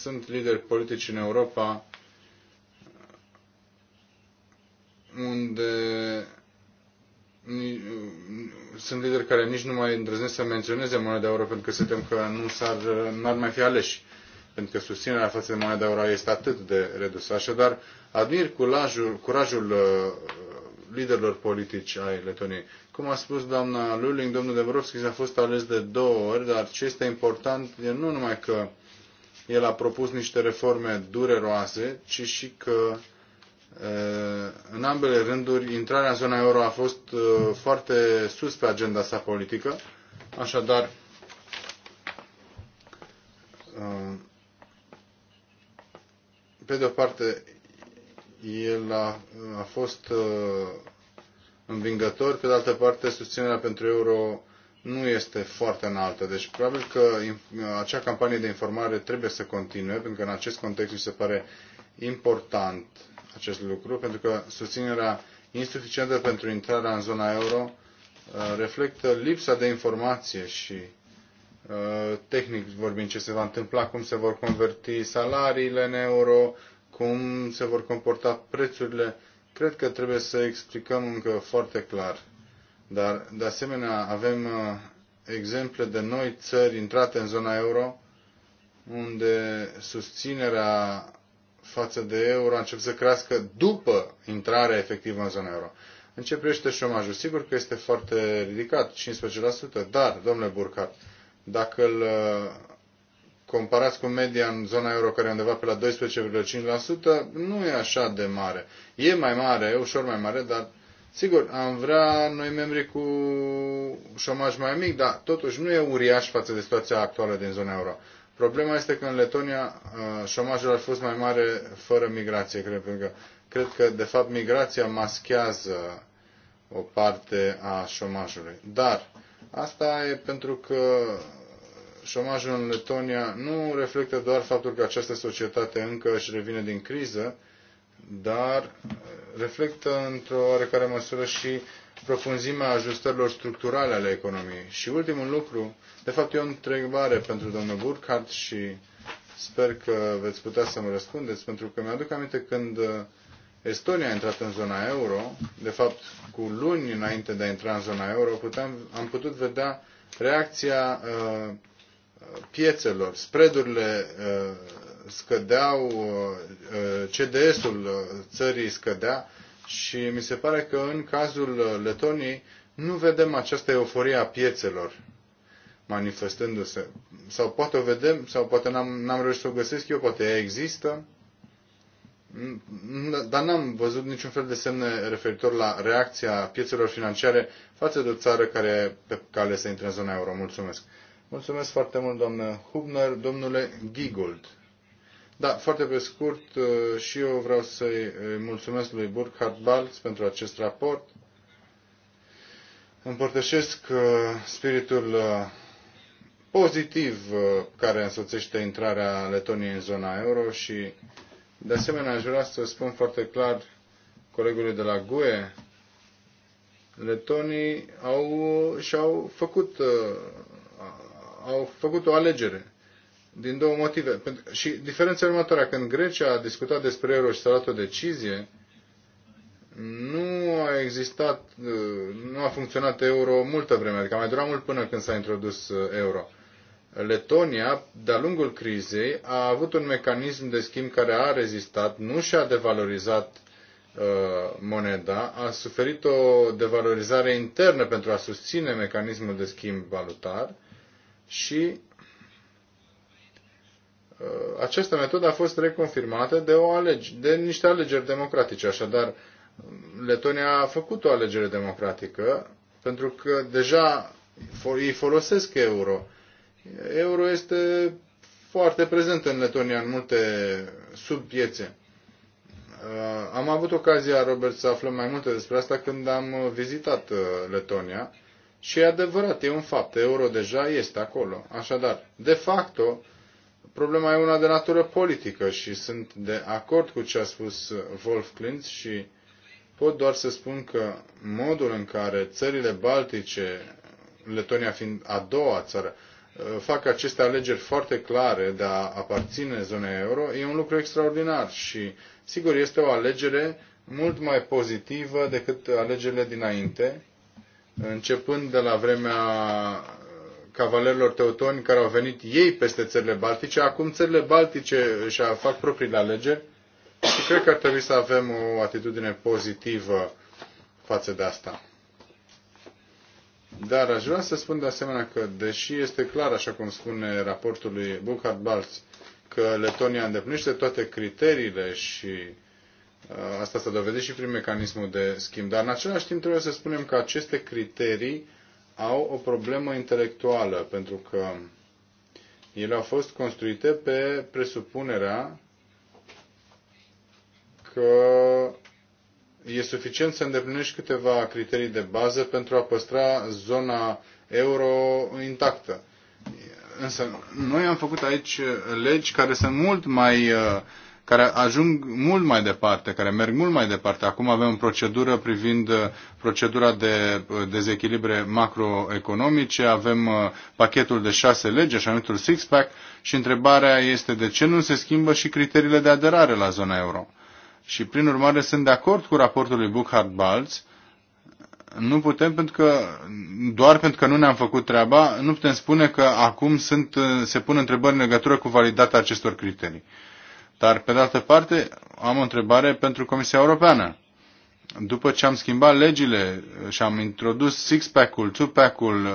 sunt lideri politici în Europa unde sunt lideri care nici nu mai îndrăznesc să menționeze moneda euro pentru că se tem că nu s-ar, ar mai fi aleși pentru că susținerea față de moneda euro este atât de redusă. Așadar, admir curajul, curajul uh, liderilor politici ai Letoniei. Cum a spus doamna Luling, domnul s a fost ales de două ori, dar ce este important e nu numai că el a propus niște reforme dureroase, ci și că în ambele rânduri intrarea în zona euro a fost foarte sus pe agenda sa politică. Așadar, pe de o parte el a, a fost uh, învingător, pe de altă parte susținerea pentru euro nu este foarte înaltă. Deci probabil că acea campanie de informare trebuie să continue, pentru că în acest context mi se pare important acest lucru, pentru că susținerea insuficientă pentru intrarea în zona euro uh, reflectă lipsa de informație și uh, tehnic vorbind ce se va întâmpla, cum se vor converti salariile în euro, cum se vor comporta prețurile, cred că trebuie să explicăm încă foarte clar. Dar, de asemenea, avem uh, exemple de noi țări intrate în zona euro, unde susținerea față de euro a început să crească după intrarea efectivă în zona euro. În ce privește șomajul, sigur că este foarte ridicat, 15%, dar, domnule Burcat, dacă îl uh, comparați cu media în zona euro, care e undeva pe la 12,5%, nu e așa de mare. E mai mare, e ușor mai mare, dar sigur, am vrea noi membri cu șomaj mai mic, dar totuși nu e uriaș față de situația actuală din zona euro. Problema este că în Letonia uh, șomajul ar fost mai mare fără migrație, cred, pentru că cred că, de fapt, migrația maschează o parte a șomajului. Dar asta e pentru că șomajul în Letonia nu reflectă doar faptul că această societate încă își revine din criză, dar eh, reflectă într-o oarecare măsură și profunzimea ajustărilor structurale ale economiei. Și ultimul lucru, de fapt e o întrebare pentru domnul Burkhardt și sper că veți putea să-mi răspundeți, pentru că mi-aduc aminte când eh, Estonia a intrat în zona euro, de fapt cu luni înainte de a intra în zona euro, puteam, am putut vedea reacția uh, piețelor, spreadurile uh, scădeau, uh, uh, CDS-ul țării scădea și mi se pare că în cazul Letoniei nu vedem această euforie a piețelor manifestându-se. Sau poate o vedem, sau poate n-am, n-am reușit să o găsesc eu, poate ea există, dar n-am văzut niciun fel de semne referitor la reacția piețelor financiare față de o țară care pe cale să intre în zona euro. Mulțumesc! Mulțumesc foarte mult, doamnă Hubner. Domnule Gigold. Da, foarte pe scurt, uh, și eu vreau să-i mulțumesc lui Burkhard Balz pentru acest raport. Împărtășesc uh, spiritul uh, pozitiv care însoțește intrarea Letoniei în zona euro și, de asemenea, aș vrea să spun foarte clar colegului de la GUE, letonii au, și-au făcut au făcut o alegere. Din două motive. Și diferența următoarea. Când Grecia a discutat despre euro și s-a luat o decizie, nu a existat, uh, nu a funcționat euro multă vreme, adică a mai durat mult până când s-a introdus uh, euro. Letonia, de-a lungul crizei, a avut un mecanism de schimb care a rezistat, nu și-a devalorizat uh, moneda, a suferit o devalorizare internă pentru a susține mecanismul de schimb valutar și uh, această metodă a fost reconfirmată de, o alege, de niște alegeri democratice. Așadar, Letonia a făcut o alegere democratică pentru că deja îi folosesc euro. Euro este foarte prezent în Letonia, în multe subpiețe. Uh, am avut ocazia, Robert, să aflăm mai multe despre asta când am vizitat uh, Letonia și e adevărat, e un fapt. Euro deja este acolo. Așadar, de facto, problema e una de natură politică și sunt de acord cu ce a spus Wolf Klintz și pot doar să spun că modul în care țările baltice, Letonia fiind a doua țară, fac aceste alegeri foarte clare de a aparține zonei euro, e un lucru extraordinar și, sigur, este o alegere mult mai pozitivă decât alegerile dinainte, începând de la vremea uh, cavalerilor teutoni care au venit ei peste țările baltice. Acum țările baltice își fac propriile alegeri și cred că ar trebui să avem o atitudine pozitivă față de asta. Dar aș vrea să spun de asemenea că, deși este clar, așa cum spune raportul lui Burkhard Balz, că Letonia îndeplinește toate criteriile și Uh, asta s-a dovedit și prin mecanismul de schimb. Dar în același timp trebuie să spunem că aceste criterii au o problemă intelectuală, pentru că ele au fost construite pe presupunerea că e suficient să îndeplinești câteva criterii de bază pentru a păstra zona euro intactă. Însă noi am făcut aici legi care sunt mult mai uh, care ajung mult mai departe, care merg mult mai departe. Acum avem o procedură privind uh, procedura de uh, dezechilibre macroeconomice, avem uh, pachetul de șase legi, așa numitul six-pack, și întrebarea este de ce nu se schimbă și criteriile de aderare la zona euro. Și prin urmare sunt de acord cu raportul lui Buchard Balz, nu putem pentru că, doar pentru că nu ne-am făcut treaba, nu putem spune că acum sunt, se pun întrebări în legătură cu validitatea acestor criterii. Dar, pe de altă parte, am o întrebare pentru Comisia Europeană. După ce am schimbat legile și am introdus six-pack-ul, two-pack-ul, uh,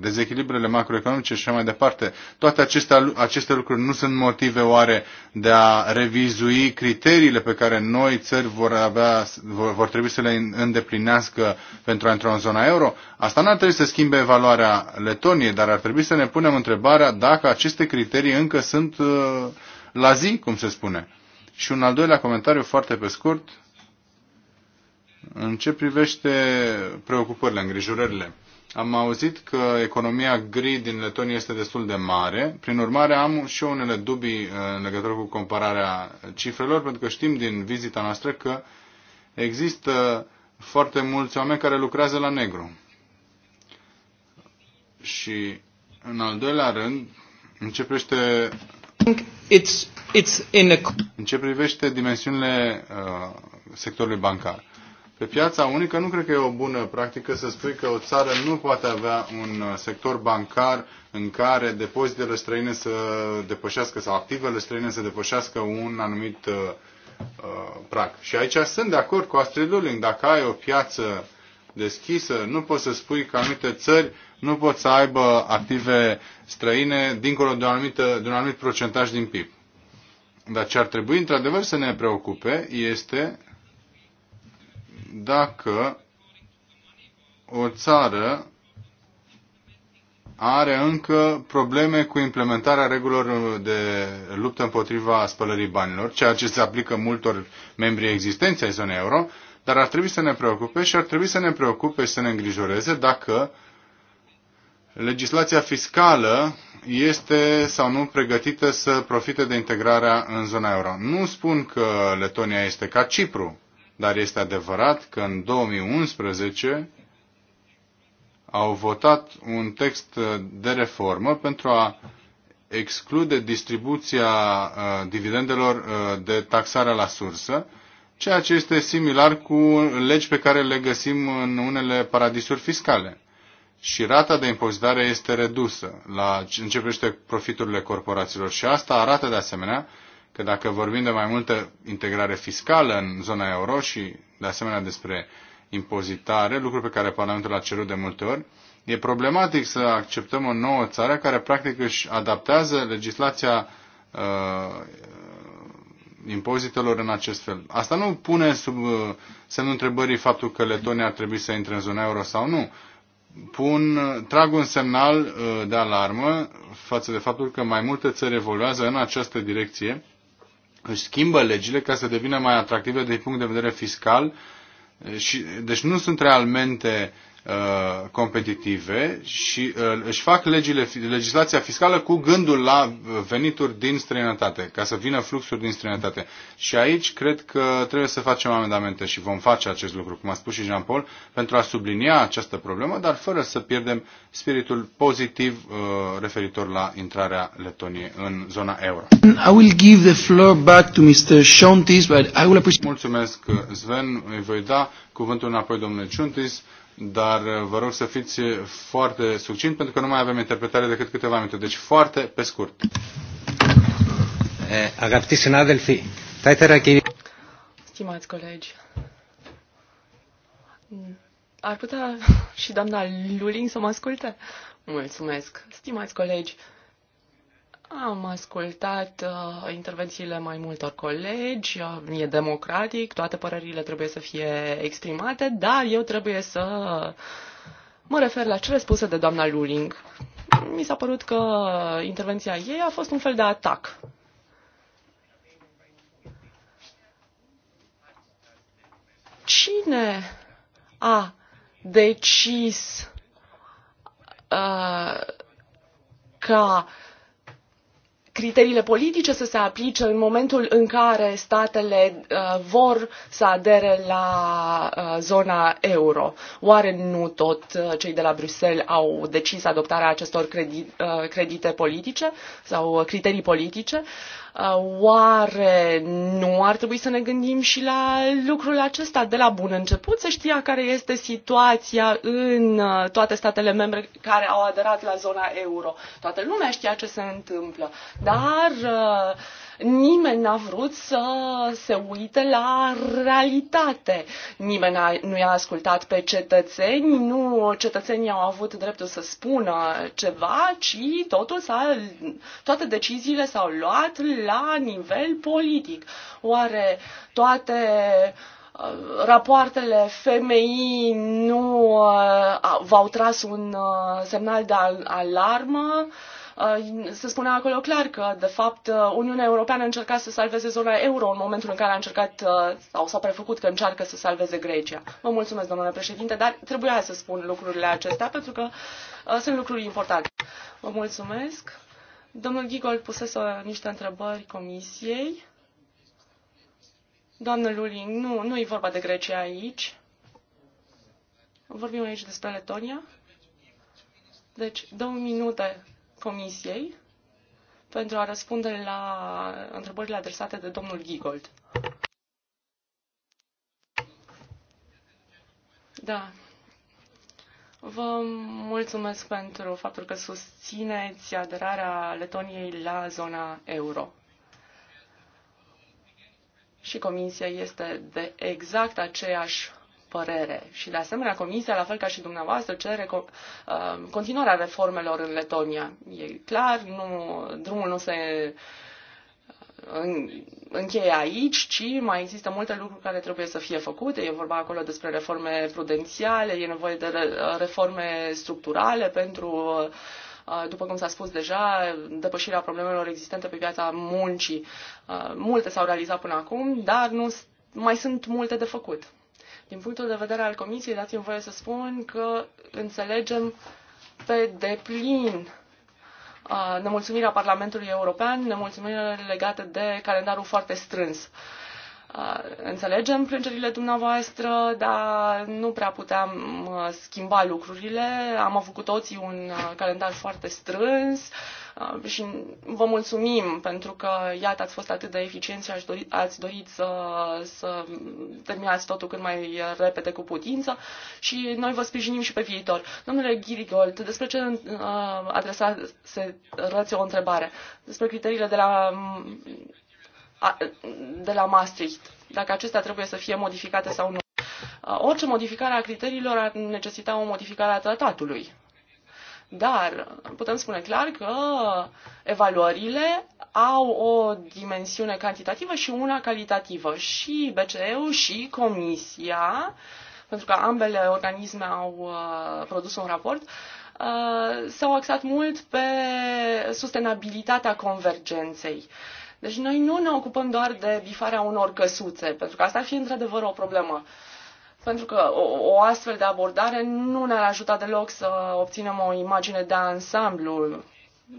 dezechilibrele macroeconomice și așa mai departe, toate acestea, aceste lucruri nu sunt motive oare de a revizui criteriile pe care noi țări vor, avea, vor, vor trebui să le îndeplinească pentru a intra în zona euro? Asta nu ar trebui să schimbe evaluarea Letoniei, dar ar trebui să ne punem întrebarea dacă aceste criterii încă sunt uh, la zi, cum se spune. Și un al doilea comentariu foarte pe scurt, în ce privește preocupările, îngrijorările. Am auzit că economia gri din Letonia este destul de mare, prin urmare am și eu unele dubii uh, în legătură cu compararea cifrelor, pentru că știm din vizita noastră că există foarte mulți oameni care lucrează la negru. Și în al doilea rând, începește în ce privește dimensiunile uh, sectorului bancar, pe piața unică nu cred că e o bună practică să spui că o țară nu poate avea un uh, sector bancar în care depozitele străine să depășească sau activele străine să depășească un anumit uh, uh prag. Și aici sunt de acord cu Astrid Luling. Dacă ai o piață deschisă, nu poți să spui că anumite țări nu pot să aibă active străine dincolo de, un, anumit, de un anumit procentaj din PIB. Dar ce ar trebui într-adevăr să ne preocupe este dacă o țară are încă probleme cu implementarea regulilor de luptă împotriva spălării banilor, ceea ce se aplică multor membrii existenței zonei euro, dar ar trebui să ne preocupe și ar trebui să ne preocupe și să ne îngrijoreze dacă legislația fiscală este sau nu pregătită să profite de integrarea în zona euro. Nu spun că Letonia este ca Cipru, dar este adevărat că în 2011 au votat un text de reformă pentru a exclude distribuția uh, dividendelor uh, de taxare la sursă, ceea ce este similar cu legi pe care le găsim în unele paradisuri fiscale și rata de impozitare este redusă la începește profiturile corporațiilor. Și asta arată de asemenea că dacă vorbim de mai multă integrare fiscală în zona euro și de asemenea despre impozitare, lucru pe care Parlamentul a cerut de multe ori, e problematic să acceptăm o nouă țară care practic își adaptează legislația uh, impozitelor în acest fel. Asta nu pune sub uh, semnul întrebării faptul că Letonia ar trebui să intre în zona euro sau nu pun, trag un semnal uh, de alarmă față de faptul că mai multe țări evoluează în această direcție, își schimbă legile ca să devină mai atractive din punct de vedere fiscal uh, și deci nu sunt realmente Uh, competitive și uh, își fac legile, legislația fiscală cu gândul la venituri din străinătate, ca să vină fluxuri din străinătate. Și aici cred că trebuie să facem amendamente și vom face acest lucru, cum a spus și Jean-Paul, pentru a sublinia această problemă, dar fără să pierdem spiritul pozitiv uh, referitor la intrarea Letoniei în zona euro. I will give the floor back to Mr. Shontis, but I will appreciate... Mulțumesc, Sven. Îi voi da cuvântul înapoi domnului Shontis dar uh, vă rog să fiți uh, foarte succint pentru că nu mai avem interpretare decât câteva minute. Deci foarte pe scurt. Eh, agapti sinadelfi, Stimați colegi, ar putea și doamna Lulin să mă asculte? Mulțumesc. Stimați colegi, am ascultat uh, intervențiile mai multor colegi, uh, e democratic, toate părerile trebuie să fie exprimate, dar eu trebuie să mă refer la cele spuse de doamna Luring. Mi s-a părut că intervenția ei a fost un fel de atac. Cine a decis uh, ca uh, criteriile politice să se aplice în momentul în care statele uh, vor să adere la uh, zona euro. Oare nu tot uh, cei de la Bruxelles au decis adoptarea acestor credite politice sau criterii politice? Uh, oare nu ar trebui să ne gândim și la lucrul acesta de la bun început? Să știa care este situația în uh, toate statele membre care au aderat la zona euro. Toată lumea știa ce se întâmplă, dar uh, Nimeni n-a vrut să se uite la realitate. Nimeni nu i-a ascultat pe cetățeni, nu cetățenii au avut dreptul să spună ceva, ci totul s-a, toate deciziile s-au luat la nivel politic. Oare toate uh, rapoartele FMI nu uh, v-au tras un uh, semnal de alarmă? Uh, se spunea acolo clar că, de fapt, uh, Uniunea Europeană încerca să salveze zona euro în momentul în care a încercat uh, sau s-a prefăcut că încearcă să salveze Grecia. Vă mulțumesc, domnule președinte, dar trebuia să spun lucrurile acestea pentru că sunt lucruri importante. Vă mulțumesc. Domnul Gigol pusese niște întrebări comisiei. Doamnă Luling, nu, nu e vorba de Grecia aici. Vorbim aici despre Letonia. Deci, două minute Comisiei pentru a răspunde la întrebările adresate de domnul Gigold. Da. Vă mulțumesc pentru faptul că susțineți aderarea Letoniei la zona euro. Și Comisia este de exact aceeași părere. Și de asemenea, Comisia, la fel ca și dumneavoastră, cere uh, continuarea reformelor în Letonia. E clar, nu, drumul nu se uh, încheie aici, ci mai există multe lucruri care trebuie să fie făcute. E vorba acolo despre reforme prudențiale, e nevoie de uh, reforme structurale pentru, după cum s-a spus deja, depășirea problemelor existente pe piața muncii. Multe s-au realizat până acum, dar nu mai sunt multe de făcut. Din punctul de vedere al Comisiei, dați-mi voie să spun că înțelegem pe deplin uh, nemulțumirea Parlamentului European, nemulțumirea legată de calendarul foarte strâns. Înțelegem plângerile dumneavoastră, dar nu prea puteam schimba lucrurile. Am avut cu toții un calendar foarte strâns și vă mulțumim pentru că, iată, ați fost atât de eficienți și ați dorit, ați dorit să, să terminați totul cât mai repede cu putință și noi vă sprijinim și pe viitor. Domnule Ghirigold, despre ce adresa se răți o întrebare? Despre criteriile de la de la Maastricht, dacă acestea trebuie să fie modificate sau nu. Orice modificare a criteriilor ar necesita o modificare a tratatului. Dar putem spune clar că evaluările au o dimensiune cantitativă și una calitativă. Și BCE-ul și Comisia, pentru că ambele organisme au uh, produs un raport, uh, s-au axat mult pe sustenabilitatea convergenței. Uh, deci noi nu ne ocupăm doar de bifarea unor căsuțe, pentru că asta ar fi într-adevăr o problemă. Pentru că o, o astfel de abordare nu ne-ar ajuta deloc să obținem o imagine de ansamblu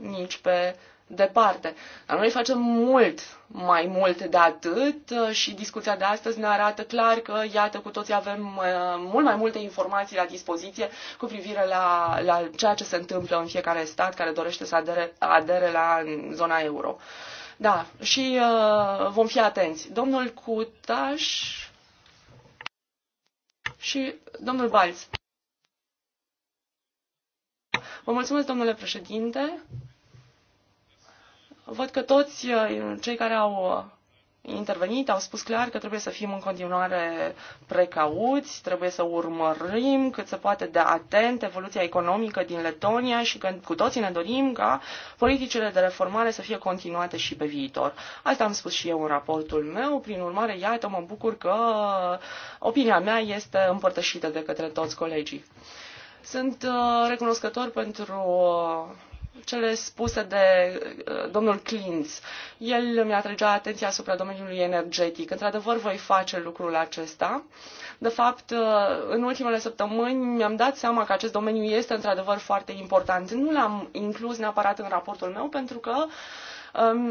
nici pe departe. Dar noi facem mult mai mult de atât și discuția de astăzi ne arată clar că, iată, cu toții avem uh, mult mai multe informații la dispoziție cu privire la, la ceea ce se întâmplă în fiecare stat care dorește să adere, adere la zona euro. Uh, da, și uh, vom fi atenți. Domnul Cutaș și domnul Balț. Vă mulțumesc, domnule președinte. Văd că toți uh, cei care au uh, intervenit au spus clar că trebuie să fim în continuare precauți, trebuie să urmărim cât se poate de atent evoluția economică din Letonia și că cu toții ne dorim ca politicile de reformare să fie continuate și pe viitor. Asta am spus și eu în raportul meu, prin urmare, iată, mă bucur că opinia mea este împărtășită de către toți colegii. Sunt uh, recunoscător pentru uh, cele spuse de uh, domnul Klintz. El mi-a atragea atenția asupra domeniului energetic. Într-adevăr, voi face lucrul acesta. De fapt, uh, în ultimele săptămâni mi-am dat seama că acest domeniu este într-adevăr foarte important. Nu l-am inclus neapărat în raportul meu pentru că um,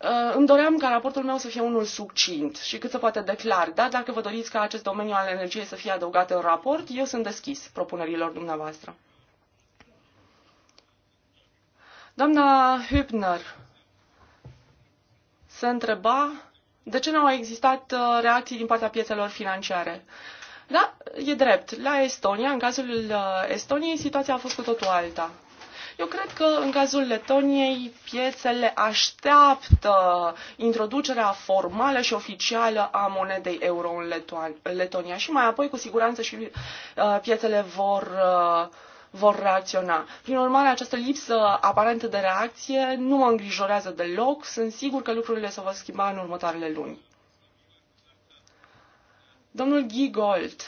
uh, îmi doream ca raportul meu să fie unul succint și cât se poate de clar, dar dacă vă doriți ca acest domeniu al energiei să fie adăugat în raport, eu sunt deschis propunerilor dumneavoastră. Doamna Hübner se întreba de ce nu au existat uh, reacții din partea piețelor financiare. Da, e drept. La Estonia, în cazul uh, Estoniei, situația a fost cu totul alta. Eu cred că în cazul Letoniei piețele așteaptă introducerea formală și oficială a monedei euro în Letonia și mai apoi cu siguranță și uh, piețele vor uh, vor reacționa. Prin urmare, această lipsă aparentă de reacție nu mă îngrijorează deloc. Sunt sigur că lucrurile se vor schimba în următoarele luni. Domnul Gigold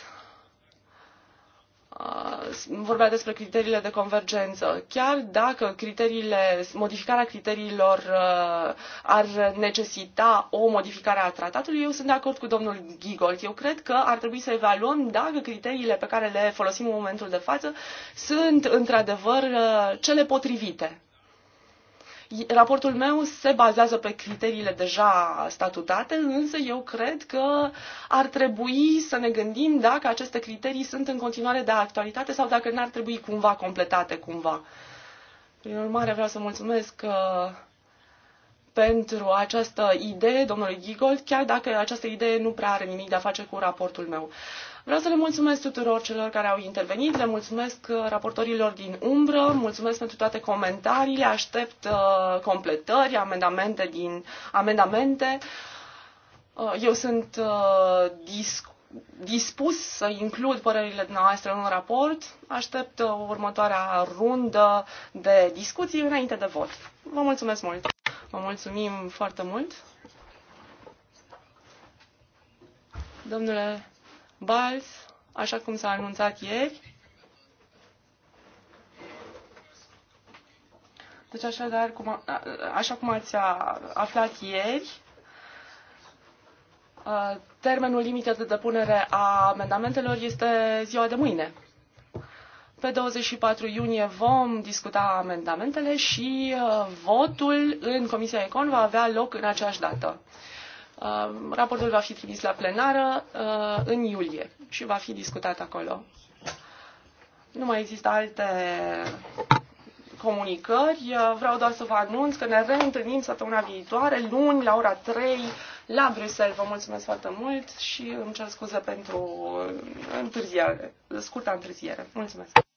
Uh, vorbea despre criteriile de convergență. Chiar dacă criteriile, modificarea criteriilor uh, ar necesita o modificare a tratatului, eu sunt de acord cu domnul Gigold. Eu cred că ar trebui să evaluăm dacă criteriile pe care le folosim în momentul de față sunt într-adevăr uh, cele potrivite. Raportul meu se bazează pe criteriile deja statutate, însă eu cred că ar trebui să ne gândim dacă aceste criterii sunt în continuare de actualitate sau dacă n-ar trebui cumva completate cumva. Prin urmare, vreau să mulțumesc uh, pentru această idee domnului Gigold, chiar dacă această idee nu prea are nimic de a face cu raportul meu. Vreau să le mulțumesc tuturor celor care au intervenit, le mulțumesc uh, raportorilor din umbră, mulțumesc pentru toate comentariile, aștept uh, completări, amendamente din amendamente. Uh, eu sunt dispus să includ părerile noastre în raport. Aștept următoarea rundă de discuții înainte de vot. Vă mulțumesc mult! Vă mulțumim foarte mult! Domnule Bals, așa cum s-a anunțat ieri. Deci așadar, cum a, așa cum ați aflat ieri, termenul limită de depunere a amendamentelor este ziua de mâine. Pe 24 iunie vom discuta amendamentele și votul în Comisia Econ va avea loc în aceeași dată. Uh, raportul va fi trimis la plenară uh, în iulie și va fi discutat acolo. Nu mai există alte comunicări. Uh, vreau doar să vă anunț că ne reîntâlnim săptămâna viitoare, luni, la ora 3, la Bruxelles. Vă mulțumesc foarte mult și îmi cer scuze pentru întârziere, scurta întârziere. Mulțumesc!